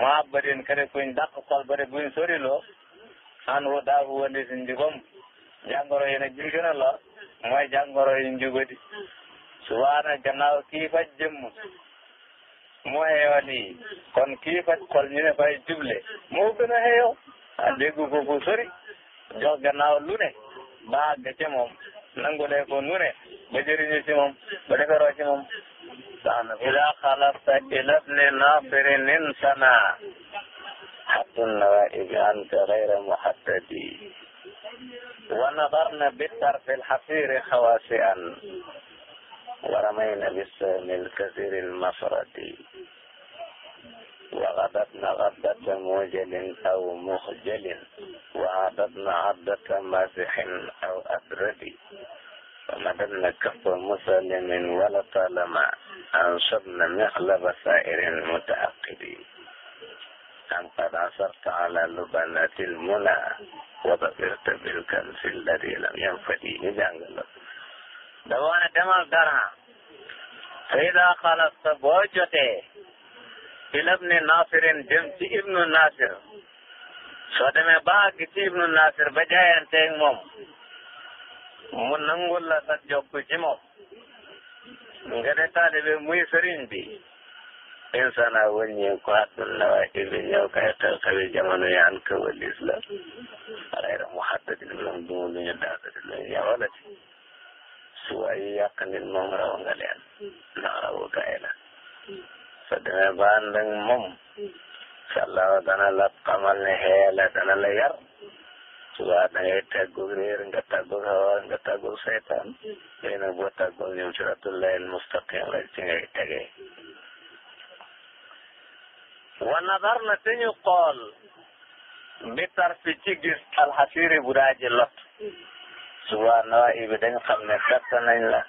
maa badin kene kuñ dàq xol ba de buñ soriloo an daa hu wandi si njubam jàngoro yi nag bi gën a mooy jàngoro yi njubadi subaa nag gannaaw kii faj jëmm moo xeewa lii kon kii faj ñu ne fay juble moo gën a xeew a ah, ko fu jox gannaaw lu ne ba àgg moom nangulee ko nu ne ba jëriñu ci moom ba defaroo ci moom saan ila xalafta ila bni nafirin insana hattun nawaib anka gayra muhattadi wa nadarna bi tarfi lxasiri xawaasi an wa ramayna bi saami lkasiri lmafrati wa gadatna gadata mujalin aw muxjalin wa adadna adata masixin aw adradi wa madadna kafa musalimin wala talama ansabna mixlaba sairin mutaaqidin أن قد عثرت على لبنة المنى وظفرت بالكنز الذي لم ينفدي ñu jàngal la dama ne demal dara فإذا خلصت boo jotee إلى ابن ناصر jëm ci ibnu Naasir soo demee ba àgg ci ibnu Naasir ba jaayanteeg moom mu nangul la sa jokk ci moom nga de taalibe muy sëriñ bi insana wëññee ko haddun nawaaji bi ñëw kay xew xewi jamono yaan ka wëlis la alay ra mu haddadin moom dumu lu ñu daadadi lu ñu yawalati su waayu yàq nit moom raw nga leen ndax rawu gaay la so demee ba ànd ak dana la xamal ne xeela dana la yar suba da ngay tàggu réer nga tàggu xawa nga tàggu saytaan léegi nag boo tàggu ñoom siratul layin mustaqim rek ci ngay wa nadarna te ñu xool bi tarfi ci gis alxasiri lot subaa nawaa ibi dañ xam ne gàtta nañ la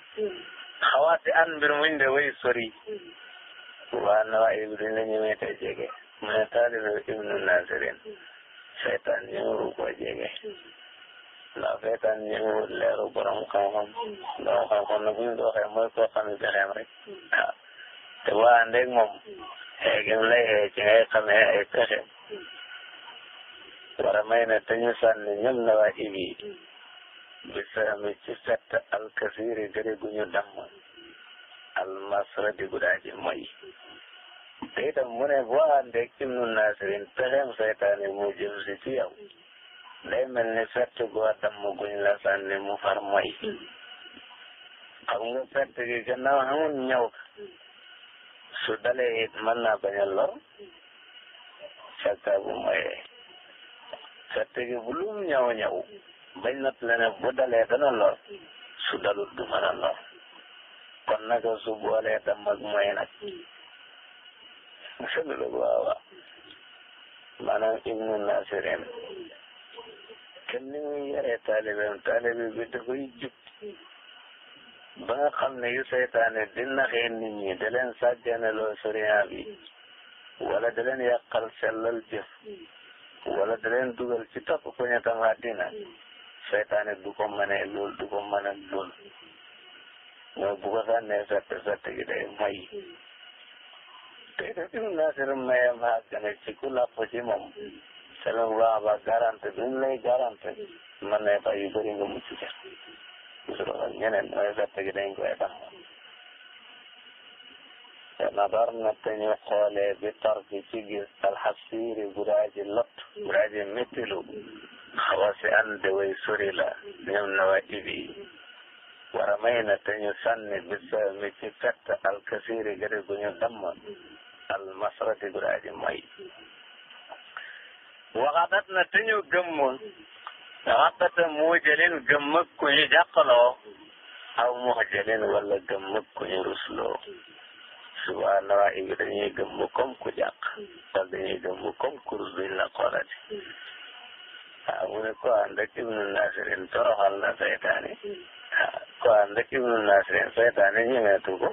xawaati an mbir muñ de way sori subaa nawaa ibi duñ la ñëwee te jege mu ne taalibe ibnu nasirin seytaan ñëwru ko jege ndax seytaan ñëwru leeru borom xam-xam borom xam-xam na buñ ko waxee mooy koo xam ne joxeem rek waaw te waa ndeeg moom gën lay ci ngay xamee ay pexe war a may na te ñu sànni ñoom na waa ibi bi saami ci fett alkasiri gëri gu ñu damm almasra di gudaa ji moy te itam mu ne boo àndee kim nu naasirin pexeem seytaane mu jëm si ci yow day mel ni fett goo damm guñ la sànni mu far moy xam nga fett gi gannaaw xamul ñaw su dalee it mën naa bañ a lor sakka bu moyee fette gi bu ñaw ñaw bañ nat la ne bu dalee dana lor su dalut du mën a lor kon naka su boolee tam mag moy nag sëlula waawa maanaam ibnu nasirin kenn ni muy yaree taalibeem taalibe bi da koy jub ba nga xam ne yu seytaane di naxee nit ñi da leen sàgganeloo soriya bi wala da leen yàqal sellal jëf wala da leen dugal ci topp ko ñu tam seytaane du ko mënee lool du ko mën a lool mooy bu ko sànnee sett sett gi day may tey def im naasir mayem xàgg ne ci ku làpp ci moom a lay garante mën na bàyyi bëri nga gisuro ak ñeneen mooy gerte gi dañ koy damm te nadar na te ñu xoolee bi tar bi ci gis alxasiiri guraaji lot guraaji méttilu xawasi ande way sori la ñoom nawaajib yi wara may na te ñu sànni bi sa mi ci fett alkasiiri gëri gu ñu damm almasrati guraaji mooy waxatat na te ñu gëmm waxta muujalin gëmmëg ku ñu jàqaloo aw muujalin wala gëmmëg ku ñu rusloo suba nawaa ibi dañuy gëmm comme ku jàq wala dañuy gëmm comme ku rus duñ la xoolati waaw mu ne ko ànd ak nasirin toroxal na saytaane waaw ko ànd ak ibnu nasirin saytaane ñemeetu ko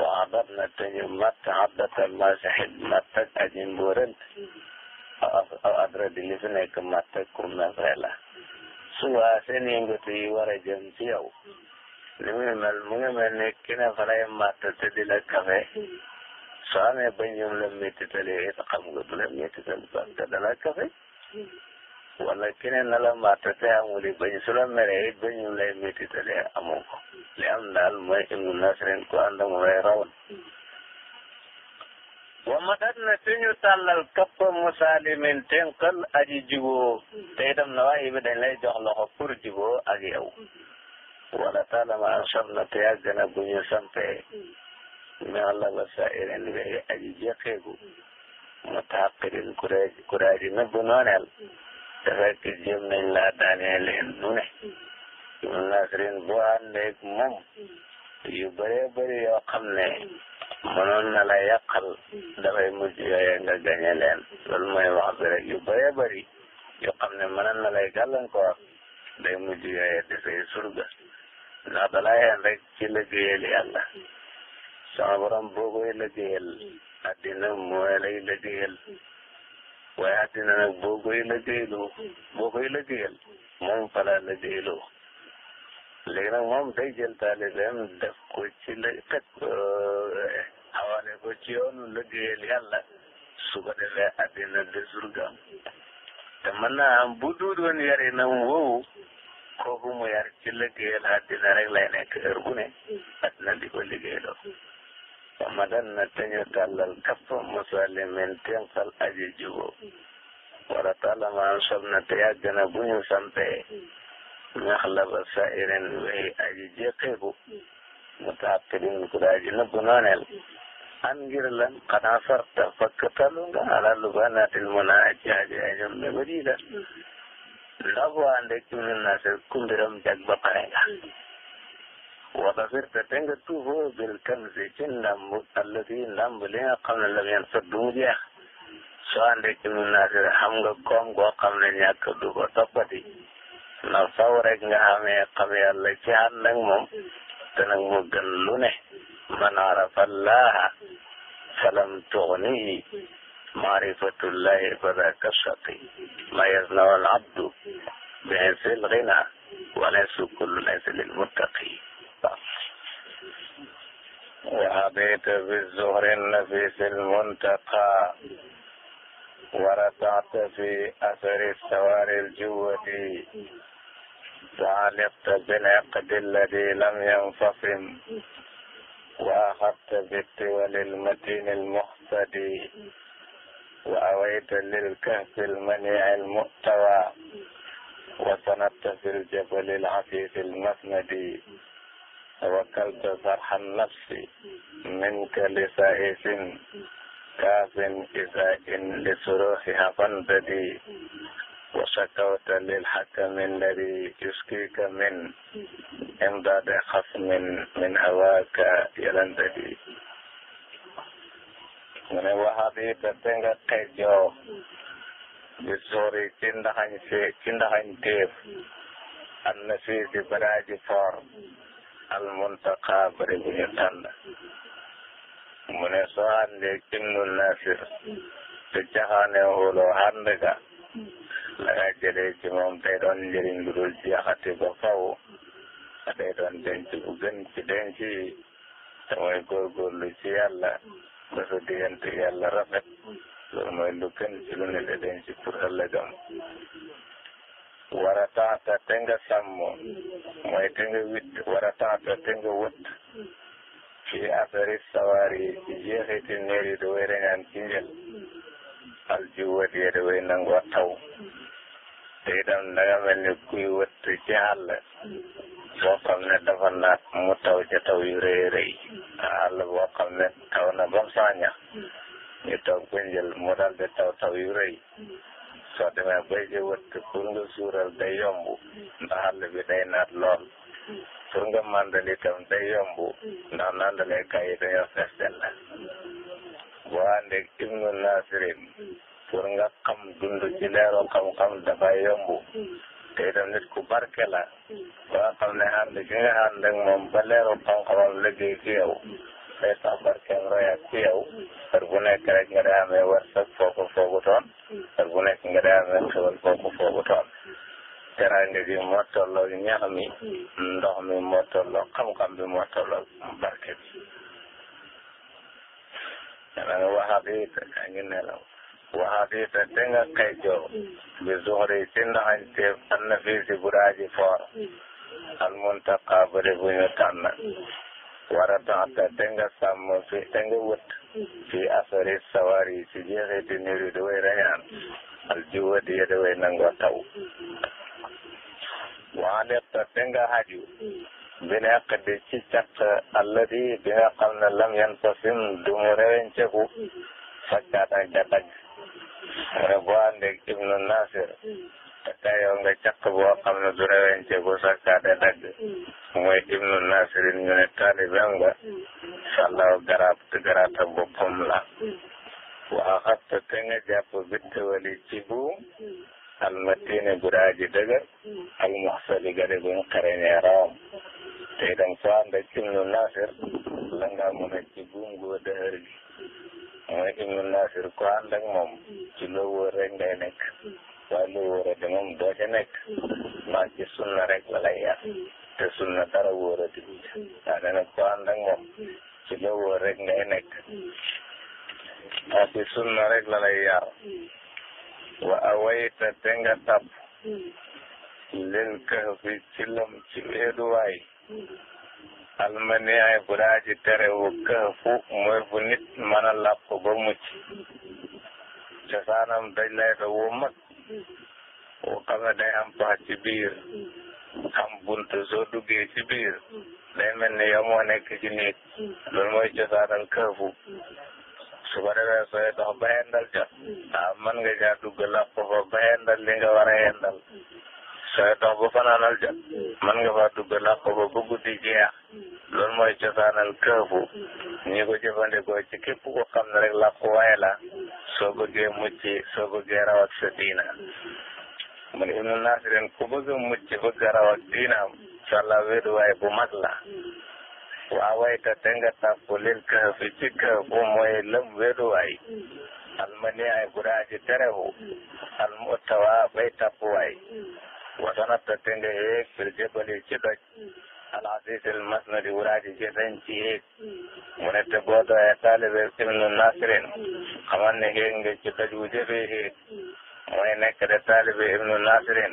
waadat na te ñu matt addatal masixid matt ak aji mboorent aw adredi li fi nekk matte courmesre la suba seen yëngatu yi war a jëm ci yow li muy mel mu ngi mel ni ki ne fa lay te di la kafe soo amee bañ yum la méttitali it xam nga du la méttital parce que da la kafe wala keneen na la matt te amuli bañ su la meree it bañ yum lay méttitali amoo ko li am daal mooy ibnu nasrin ku ànd mu lay rawan wa madat na fi ñu tàllal kappa musalimin tenqal aji juboo te itam na waaye bi dañ lay jox loxo pour juboo ak yow wala taalama an sam na te bu ñu sampee mais Allah ba sa irin wéy aji jeqeegu mu taaqirin ku daaji nëbb nooneel te fekk jéem nañ laa daanee leen nu ne ibnu nasirin boo àndeeg moom yu bëree bëri yoo xam ne mënoon na la yàqal dafay mujj yooye nga gañe leen loolu mooy bi rek yu bëree bëri yoo xam ne mënoon na lay gàllankoor day mujj yooye dafay surga ndax dalaa yeen rek ci liggéeyal yàlla sama borom boo koy liggéeyal addina mooy lay liggéeyal waaye addina nag boo koy liggéeyloo boo koy liggéeyal moom fa la liggéeyloo léegi nag moom day jël taalibeem def ko ci la teg eh, ko ci yoonu liggéeyal yàlla su ko defee addina de surgam te mën naa am bu duudoon yarinam woowu kooku mu yar ci liggéeyal addina rek lay nekk heure addina di ko liggéeyaloo sama dan na teñu tàllal kappa musalimin tenqal aji juboo wala tàllama sob na te yàgg na bu ñu sampee ñax la ba wey aji jéqeeku mu taakkirin ku daaji nëbb nooneel an ngir lan xanaa farta fakk talu nga ala lubanaatil munaa ci aji ñoom ne wari la ndax bu ànde ci mun naa se kumbiram jag ba pare nga wala firta te nga tuufoo bil kanzi ci ndàmb allati ndàmb li nga xam ne la ngeen sot du mu soo ànde ci mun naa se xam nga koom goo xam ne ñàkk du ko toppati na faw rek nga xamee xam yàlla ci ànd ak moom te nag mu lu ne man arafa llaha falam tuxnihi maarifatu llahi fadaka shaqi ma yasnau al abdu bi insi l xina wala yasu kullu laysa lil muttaqi وهديت بالزهر النفيس المنتقى ورتعت في أثر السواري الجوة تعلقت بالعقد الذي لم ينفصم وأخذت بالطول المتين المقصد وأويت للكهف المنيع المؤتوى وسندت في الجبل العفيف المسند توكلت صرح النفس منك لسائف كاف إساء لسروحها فانبدي وشكوت للحكم الذي يشكيك من إمداد خصم من هواك يلنددي mu ne waxaat yi te te nga xeejoo bi suuri ci ndaxañ si ci ndaxañ téef am na fii bari bu ñu mu ne soo àndee ibnu nasir te jaxaane wuloo ànd ga la nga jëlee ci moom day doon njëriñ lu dul jeexati ba faw day doon denc bu gën ci denc yi te mooy góorgóorlu ci yàlla ba sa diggante yàlla rafet loolu mooy lu gën ci lu ne de denc pour ëllëgam war a taata te nga sàmm mooy te nga wit war a te nga wët ci affaire sawaar yi ci jeexiti néer yi da way reñaan ci njël al jiwat yee da way nangoo taw te itam danga mel ni kuy wëtt ci àll boo ne dafa naat mu taw ca taw yu rëy rëy àll boo xam ne taw na ba mu saaña ñu mu dal di taw taw yu rëy soo demee bay ja wëtt pour nga suural day yomb ndax àll bi day naat lool pour nga màndal itam day yomb ndax nàndaleekaay yi dañoo fees dell boo àndeek ibnu naasirin pour nga xam dund ci leeroo xam-xam dafay yombu te itam nit ku barke la ba nga xam ne ànd gi nga ànd ak moom ba leeroo xam-xamam liggéey ci yow day tax barkeem royaat ci yow heure bu nekk rek nga day amee wërsëg foofu foogu toon heure bu nekk nga day amee xewal foofu foogu toon teranga ji moo tolloo ñax mi ndox mi moo tolloo xam-xam bi moo tolloo barke bi. danañ waxaat it daa ngi nelaw. waxa fi te te nga xeejoo bi zuhri ci ndaxañteef an nafiisi buraaji foor al muntaqa bëri bu ñu tànn wara taxta te nga sàmm fi te nga wët fi asari sawari ci jeexiti niir yi da way al jiwadi ya da way nangoo taw waa defta te nga haju bi nekk di ci caq alladi bi nga xam ne lam yan fasim du mu rewenceku fakkaat ak jatag mu ne boo àndeeg ibnu Nasir te yow nga caq boo xam ne du rewente bu sakkaate dagg mooy ibnu Nasir ñu ne taalibam nga sàllaw garaat garaata boppam la waa xatta te nga jàpp bitte wali ci buum almatine guraaji dëgër almuxsali gari buñ xereñee rawam te itam soo àndeeg ibnu Nasir la nga mën a ci buum goo dëhër gi mooy ibnu nasir ku ànd ak moom ci loo wóor rek ngay nekk waaye loo wóorati moom doo ca nekk maa ci sunna rek la lay te sunna dara wóorati daa ne nag ku ànd moom ci loo rek ngay nekk maa ci sunna rek la lay wa awayta te nga tab lil kahfi ci lëm ci weeduwaay almaniyaay bu daa ji terewu këfu mooy bu nit mën a làpp ba mucc cosaanam dañ lay da wu mag day am pax ci biir am soo duggee ci biir day mel ni yow moo nekk ci nit loolu mooy cosaanal këfu su ko defee sooy dox ba yendal jot ah mën nga jaa dugg làpp fa ba yendal li nga war a sooy dox ba fanaanal jot man nga faa dugg làq ba ba guddi jeex loolu mooy cosaanal këfu ñi ko jëfandikoo ci képp ko xam ne rek làq waaye la soo bëggee mucc soo bëggee rawat sa diina man ibnu nasirin ku bëgg a mucc bëgg a rawat diinaam sàlla wéeduwaay bu mag la waa wayta te nga tàpp lil këfu ci këfu mooy lëm wéeduwaay almaniyaay bu daa ji terewu almuttawa bay tàpp waay wasana te te nga yéeg fil jabali ci doj alxasiisil masnadi wuraaji ci ci yéeg mu te boo doyee taalibe ibnu nasirin xamal ne yéeg nga wu jëfee yéeg mooy nekk de taalibe ibnu nasirin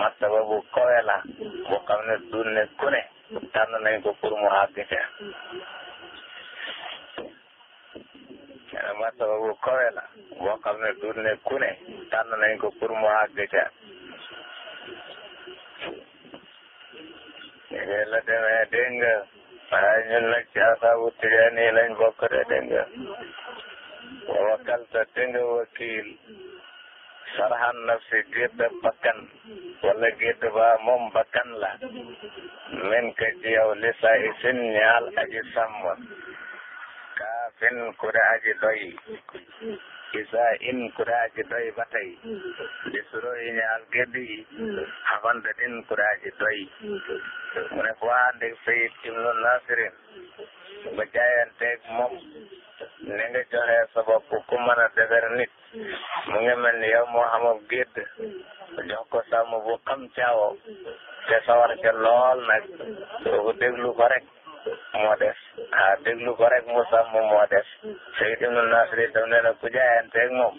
martaba bu kawe la bu ne dun ne ku ne tànn nañ ko pour mu àgg ca martaba bu ne dun ne ku ne tànn nañ ko léegi la demee dégg nga waaye ñun nag ci asaabu tijaan yi de dégg nga wa wakalta dégg nga sarhan nafsi gédd bakkan wala gédd ba moom bakkan la min ka ci yow li saa isin ñaal aji sàmm kaafin ku de aji doy isaa in kuraaji doy ba di suro yi ñaal gëddi yi xafanta doy mu ne foo ànd ak sayid ba jaayanteeg moom ni joxe sa bopp ku mën a defar nit mu ngi mel ni yow moo xamul gédd bu xam caawo te sawar ca lool nag soo ko déglu moo des ah déglu ko rek mu sàmm moo des Sayyid ibnu Nasri daf ne la ku jaayanteeg moom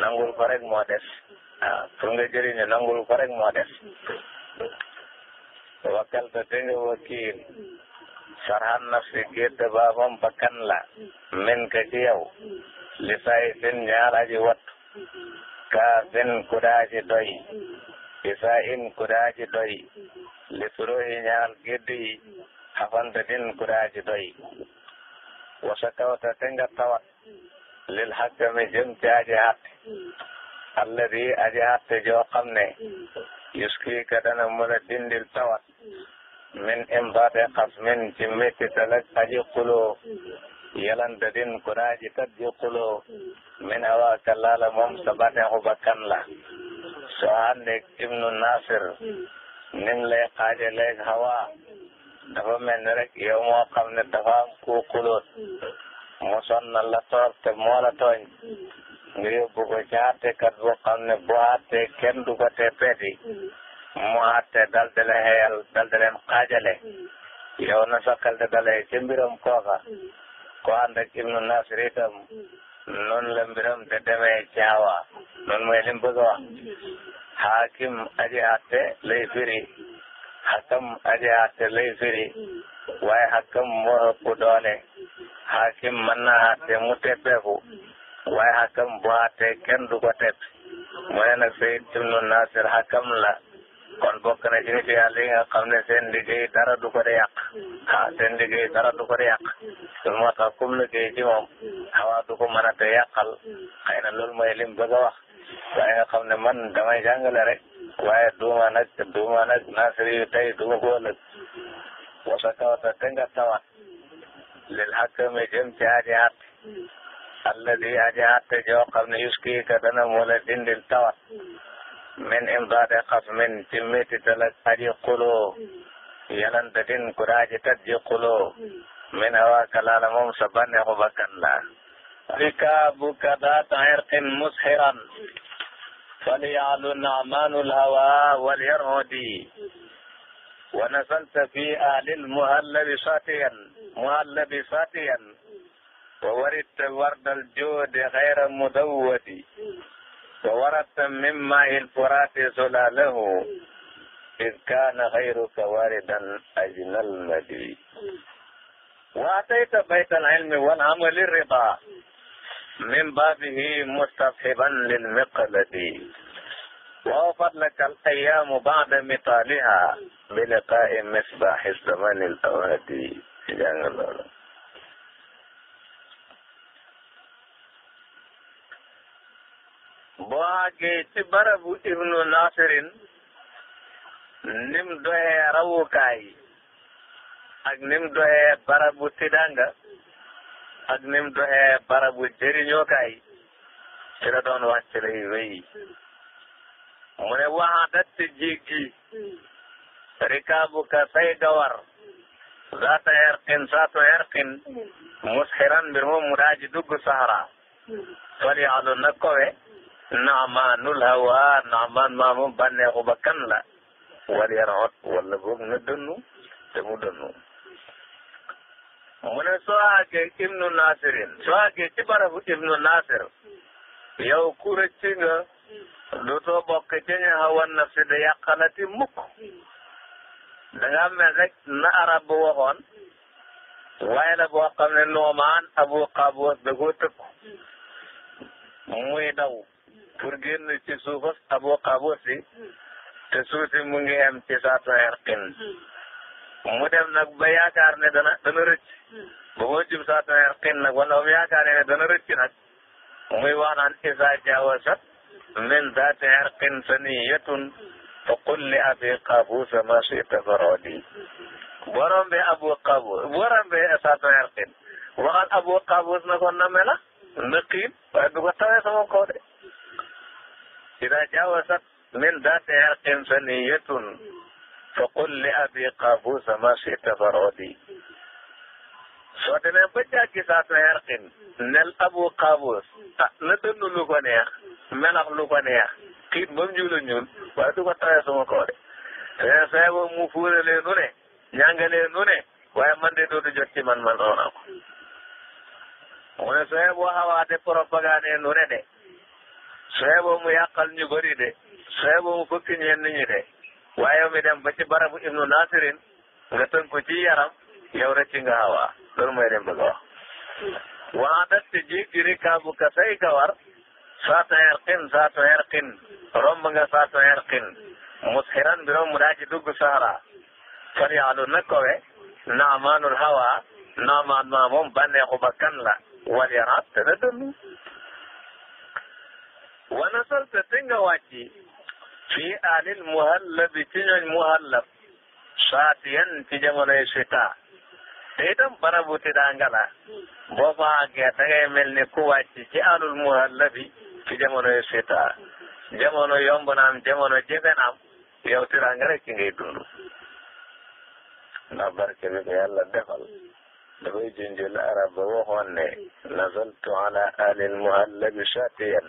nangul ko rek moo des ah pour nga jëriñu nangul ko rek moo des wakkal ta te wakiil sarhan nafsi gédd baabam bakkan la min ka ci yow li say sin ñaaraji wat kaafin kudaaji doy li saa in kudaaji doy li suruhi ñaar xafante din ku daa doy wa sakawta te tawat lil xakkami jëm ci aji xatte alladi aji xatte joo xam ne yuskika dana mën a dindil tawat min imbaate xasmin ci mettital ak aji xuloo yalante din ku daa tat ji xuloo min awaaka laala moom sa batexu bakkan la soo àndeeg ibnu nasir nim lay xaajaleeg hawa dafa mel ni rek yow moo xam ne dafa am ku xulóot mu sonnal la toor te moo la tooñ nga yóbbu ko ci àttekat boo ne boo àttee kenn du ko te peeti mu àtte dal di la xeyal dal di yow na sakkal de dalee ci mbiram kooka ko ànd ak ibnu nasir itam noonu la mbiram de demee caawa noonu mooy lim bëgg a lay firi xakam aji àtte lay firi waaye xakam moo ëpp doole xaakim mën na àtte mu teppeeku waaye xakam bu àtte kenn du ko tepp mu ne nag Sayyid ibnu Nasir xakam la kon bokk na ci nit yàlla nga xam ne seen liggéey dara du ko di yàq seen liggéey dara du ko di yàq ko mën a xëy na loolu mooy lim bëgg a wax waaye nga xam ne man damay jàngale rek waaye duuma nag duuma nag nasir yu tey duuma ko nag wasa kawata te nga tawat lil hakami jëm ci aji àtte alladi aji àtte joo xam ne yuski ka dana mu la dindil tawat min imdaade xasmin ci métital ak aji xuloo yalanta din ku daaji tat ji xuloo min hawa kalaala moom sa banneexu bakkan la rikaabuka daata irqin musxiran فليعلو النعمان الهوى وليرعدي ونزلت في أهل المهلب ساتيا مهلب ساتيا ووردت ورد الجود غير مدود ووردت من ماء الفرات زلاله إذ كان غيرك واردا أجنى المدي وأتيت بيت العلم والعمل الرضا min baabihi mustafidan lil miqlati waafat laka al ayaamu baada mitaaliha bi liqaai misbaaxi zamani l awhadi jàng loolu boo àggee ci barabu ibnu nasirin nim doyee rawukaay ak nim doyee barabu tidanga ak ni mu doxee barabu jëriñoo kaay ci la doon wax ci lay wéy mu ne waxaat ci jéggi rikaabu ka say gawar zaata herqin zaatu herqin musxiran mbir moom mu daaji dugg sahara fali alu na kowe naamanul hawa naaman maa moom bànneexu ba kan la wal yarot wala boog na dënnu te mu dënnu mu ne soo àggee ibnu nasirin soo àggee ci barabu ibnu nasir yow ku rëcc nga dootoo bokk ci ña xawan na fi da yàqalati mukk da nga mel rek na arab bu waxoon waaye la boo xam ne noomaan abu qaboos da tëkku muy daw pour génn ci suufas abu qaboos te suusi mu ngi am ci saa toyer mu dem nag ba yaakaar ne dana dana rëcc ba ko jub saa tamit xin nag wala mu yaakaaree ne dana rëcc nag muy wax isa jaawasat min zaati irqin saniyatun fa qul li abi qabusa ma shita farodi borom bi abu qabus borom bi zaati irqin waxal abu qabus na ko name la naqiin waaye du ko tawee sama kaw de isa jaawasat min zaati irqin saniyatun fa qul li abi qabusa ma shita farodi soo demee ba jàggi saa sa herqin nel abu qaabus ah na dënnu lu ko neex melax lu ko neex xiit moom ñuul a waaye du ko tawee sama kaw de te eh, saa mu fuuralee nu ne ñàngalee nu ne waaye man de dootu jot ci man man oona ko mu ne saa boo xawaate propagande nu ne de saa boobu mu yàqal ñu bëri de saa boobu mu fëkk ñenn ñi de waaye mi dem ba ci barabu ibnu nasirin nga tënk ko ci yaram yow rek ci nga xawaa loolu mooy leen bëgg a wax. waa dat te jéggi rikaabu ka say gawar. saatu herqin saatu herqin romb nga saatu herqin musxiran bi romb daa ci dugg saara. fan yaalu na kowe. naamaanul hawa. naamaan maa moom bànneexu ba kan la. wal yaraat te na dund. wana sol te te nga wàcci. fii alil muhallab bi ci ñooñ muhallab. saatiyan ci jamonoy sitaa. te itam barabu ti daanga la boo fa àggee dangay mel ni ku wàcc ci alul muhallabi ci jamono yu sita jamono yomb na am jamono jafe na am yow ti daanga rek ci ngay dund ndax barke bi ko yàlla defal dafay junjul arab ba waxoon ne nazaltu ala alil muhallabi shatiyan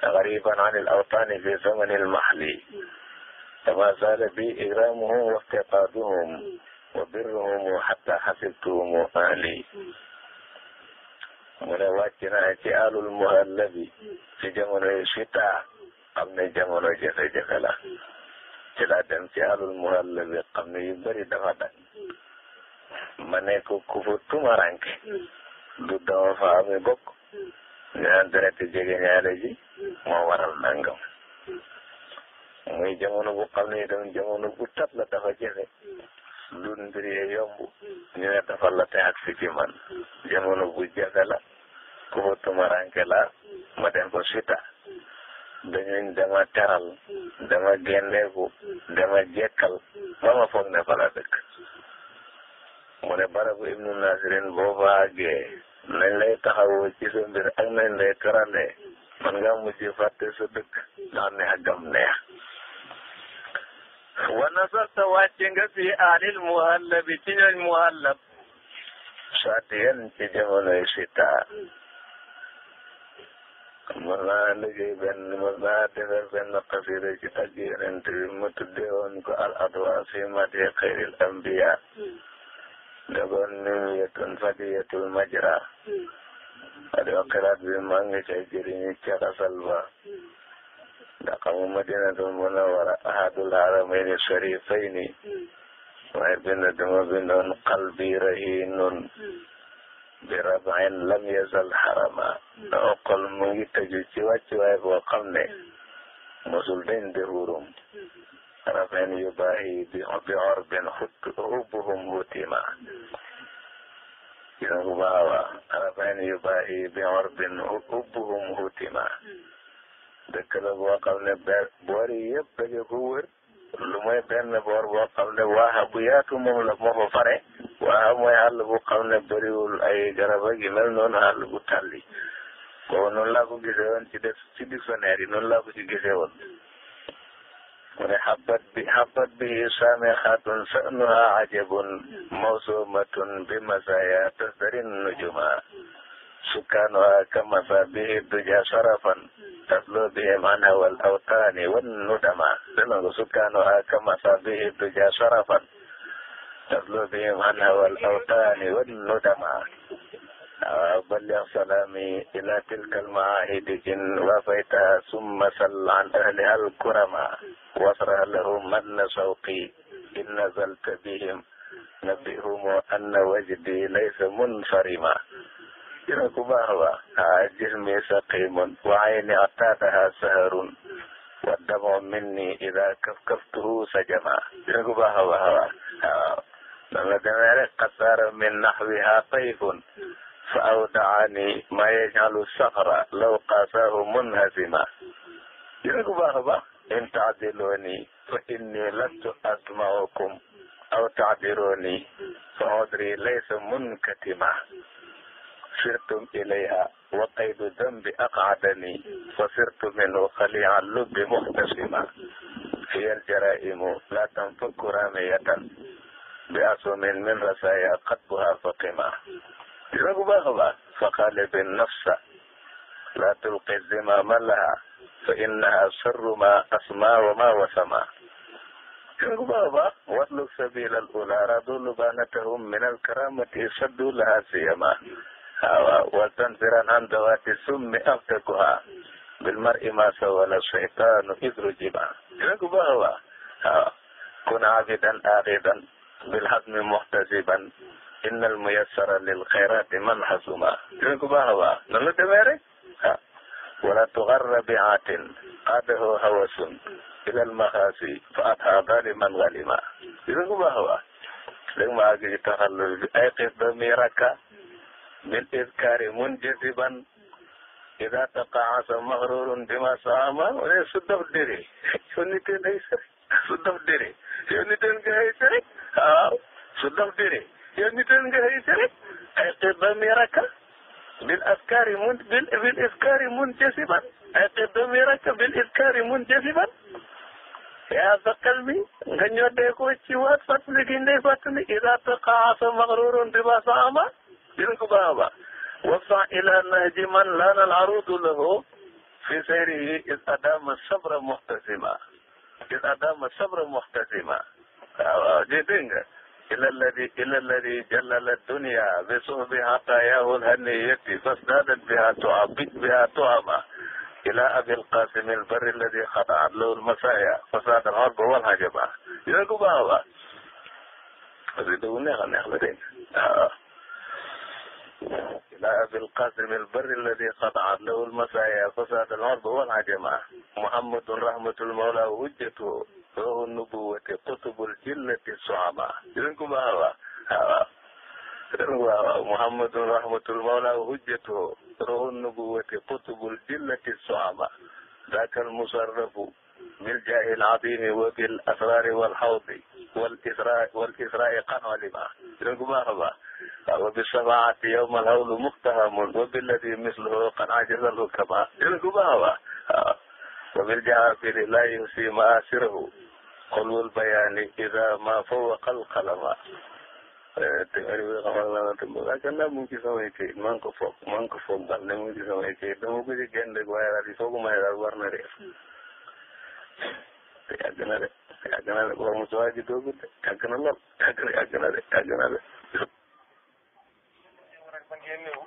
gariban an il awtani fi zamani il mahli tama zala bi ikramuhum wa istiqaduhum wa birruhumu hatta hasibtuhumu ahli mu ne wàcc naa ci alul muhallabi ci jamonoy sita xam ne jamono jafe-jafe la ci laa dem ci alul muhallabi xam ne yu bëri dafa dañ ma nekk ku fa tumaranke du dama fa ami bokk ñu naan jege ñaale ji moo waral nangam muy jamono bu xam ne itam jamono bu tat la dafa jafe lu mbir ye yomb ñu ne dafa la te ak si ci man jamono bu jafe la ku fa tumaranke la ma dem ko sita dañuñ dama teral dama gendeeku dama jekkal ma ma foog ne fa dëkk mu ne barabu ibnu nasirin boo fa àggee nañ lay taxawoo ci sa mbir ak nañ lay teralee man nga mujj fàtte sa dëkk ndax neex neex wa nasarta wàcc nga fi anil muhallab ci ñooñ muhallab sadiyan ci jamonoy sitaa mën naa liggéey benn mën naa defar benn xasida ci tagg yonent mu tuddee woon ko al adwa fi madi xayril ambiya dagoon nimiyatun fadiyatul majra adi xiraat bi maa ngi cay jëriñu ca xasal ba ndax xamu madinatul munawwara ahadul haramayni sharifayni waaye bind dama bindoon qalbi rahinun bi rabain lam yazal harama na oqol mu ngi tëju ci wàccuwaay boo xam ne mosul dañ di hurum rabain yu baahi bi bi orbin xut hubbuhum hutima gis nga bu baax yu baahi bi orbin hubbuhum hutima dëkk la boo xam ne benn boor boo xam ne waaxa bu yaatu moom la moo fa pare waaxa mooy àll bu xam ne bëriwul ay garab ak yi mel noonu àll bu tàlli boobu noonu laa ko gisee woon ci def ci dictionnaire yi noonu laa ko ci gisee woon mu ne xabat bi xabat bi saamixatun sa'nuha ajabun mawsumatun bi masaya tasdarin nujuma سكانها كمصابيح الدجى شرفا تطلو بهم عنها والأوطان والندما دلنغ سكانها كمصابيح الدجى شرفا تطلو بهم عنها والأوطان والندما بلغ سلامي إلى تلك المعاهد إن وافيتها ثم سل عن أهلها الكرما وصرها لهم من شوقي إن نزلت بهم نبئهم أن وجدي ليس منصرما ci na ku baax a baax a jismi saqimun wa ayni ataataha saharun wa damu minni ida kafkaftuhu sajama ci na ku baax a baax a baax waaw noonu la demee rek qasara min nahwiha tayfun fa awdaani ma yajalu saxra law qaasahu munhasima ci na ku baax a baax in taadiloni fa inni lastu asmaukum aw taadirooni fa udri laysa munkatima sirtum ilayha wa qaydu dambi aqadani fa sirtu minhu xali'a lubbi muxtasima fiyal jaraimu la tanfukku ramiyatan bi asumin min rasaya qatbuha faqima dina bu baax a baax fa xaalibi nafsa la tulqi zimama laha fa innaha sarru ma asma wa ma wasama ko baba wasluk sabila al ula radu lubanatahum min al karamati saddu laha siyama hawa wa tanfiran an dawaati summi aftakuha bil mar'i ma sawala shaytaanu idru jima dina ko baax a baax hawa kun abidan aqidan bil hazmi muhtasiban innal muyassara lil xayrati man hasuma dina ko baax a baax noonu la demee rek ah wala tugarra bi'atin qaadahu hawasun ilal maxaasi fa atha daliman galima dina ko baax a baax léegi ma àgg ci taxallul bi ay xis ba mi rakka bil iskari muntasiban ida taqaasa mahrurun bima saama wala su daf diri yow ni teen ay sëriñ su daf diri yow ni teen nga ay sëriñ waaw su daf diri yow ni teen nga ay sëriñ ay qiddami raka bil askari mun bil bil iskari muntasiban ay qiddami raka bil iskari muntasiban yaa bakkal mi nga ñoddee ko ci waat fàttali gi ndey fàttali ida taqaasa mahrurun bima saama dina ko baax a baax ila nahji man laana al fi sayrihi is adama sabra muhtasima is adama sabra muhtasima waaw waaw ji dégg ila alladi ila alladi jallala dunia bi suhbi hatayahul haniyati fasdadat biha tuabi biha tuama ila abil qasim al barri alladi xadaat lahu lmasaya fasad hajaba dina ko baax a baax parce que dëgg neex a neex ilaa abil qasim al barri alladi qataat lahu al masaaya fasaad al arba wal ajama muhammadun rahmatul mawla hujjatu ruhu nubuwati qutubul jillati suama dinañ ko baax waaw waaw waaw muhammadun rahmatul mawla hujjatu ruhu nubuwati qutubul jillati suama daakal musarrafu بالجاه العظيم وبالأسرار والحوض والإسراء والإسراء قد علما. wa bi sabaati yawmal hawlu muktahamun wa billati misluhu qad ajazalhu kama jël ku baax a baax waaw wa bil jaafiri la yusi maasirahu xulwul bayaani ida ma fawaqa alqalama téeméeri bi xamal naa la te wàcce naa mu ngi ci samay kayit maa ngi ko foog maa ngi ko foog daal ne mu ngi ci samay kayit dama ko ci génn rek waaye daal il faut que ma ne daal war na réer te yàgg na de yàgg na de waxuma si waa ji doogut de yàgg na lool yàgg na yàgg na de yàgg na de. ak fa ngeen néew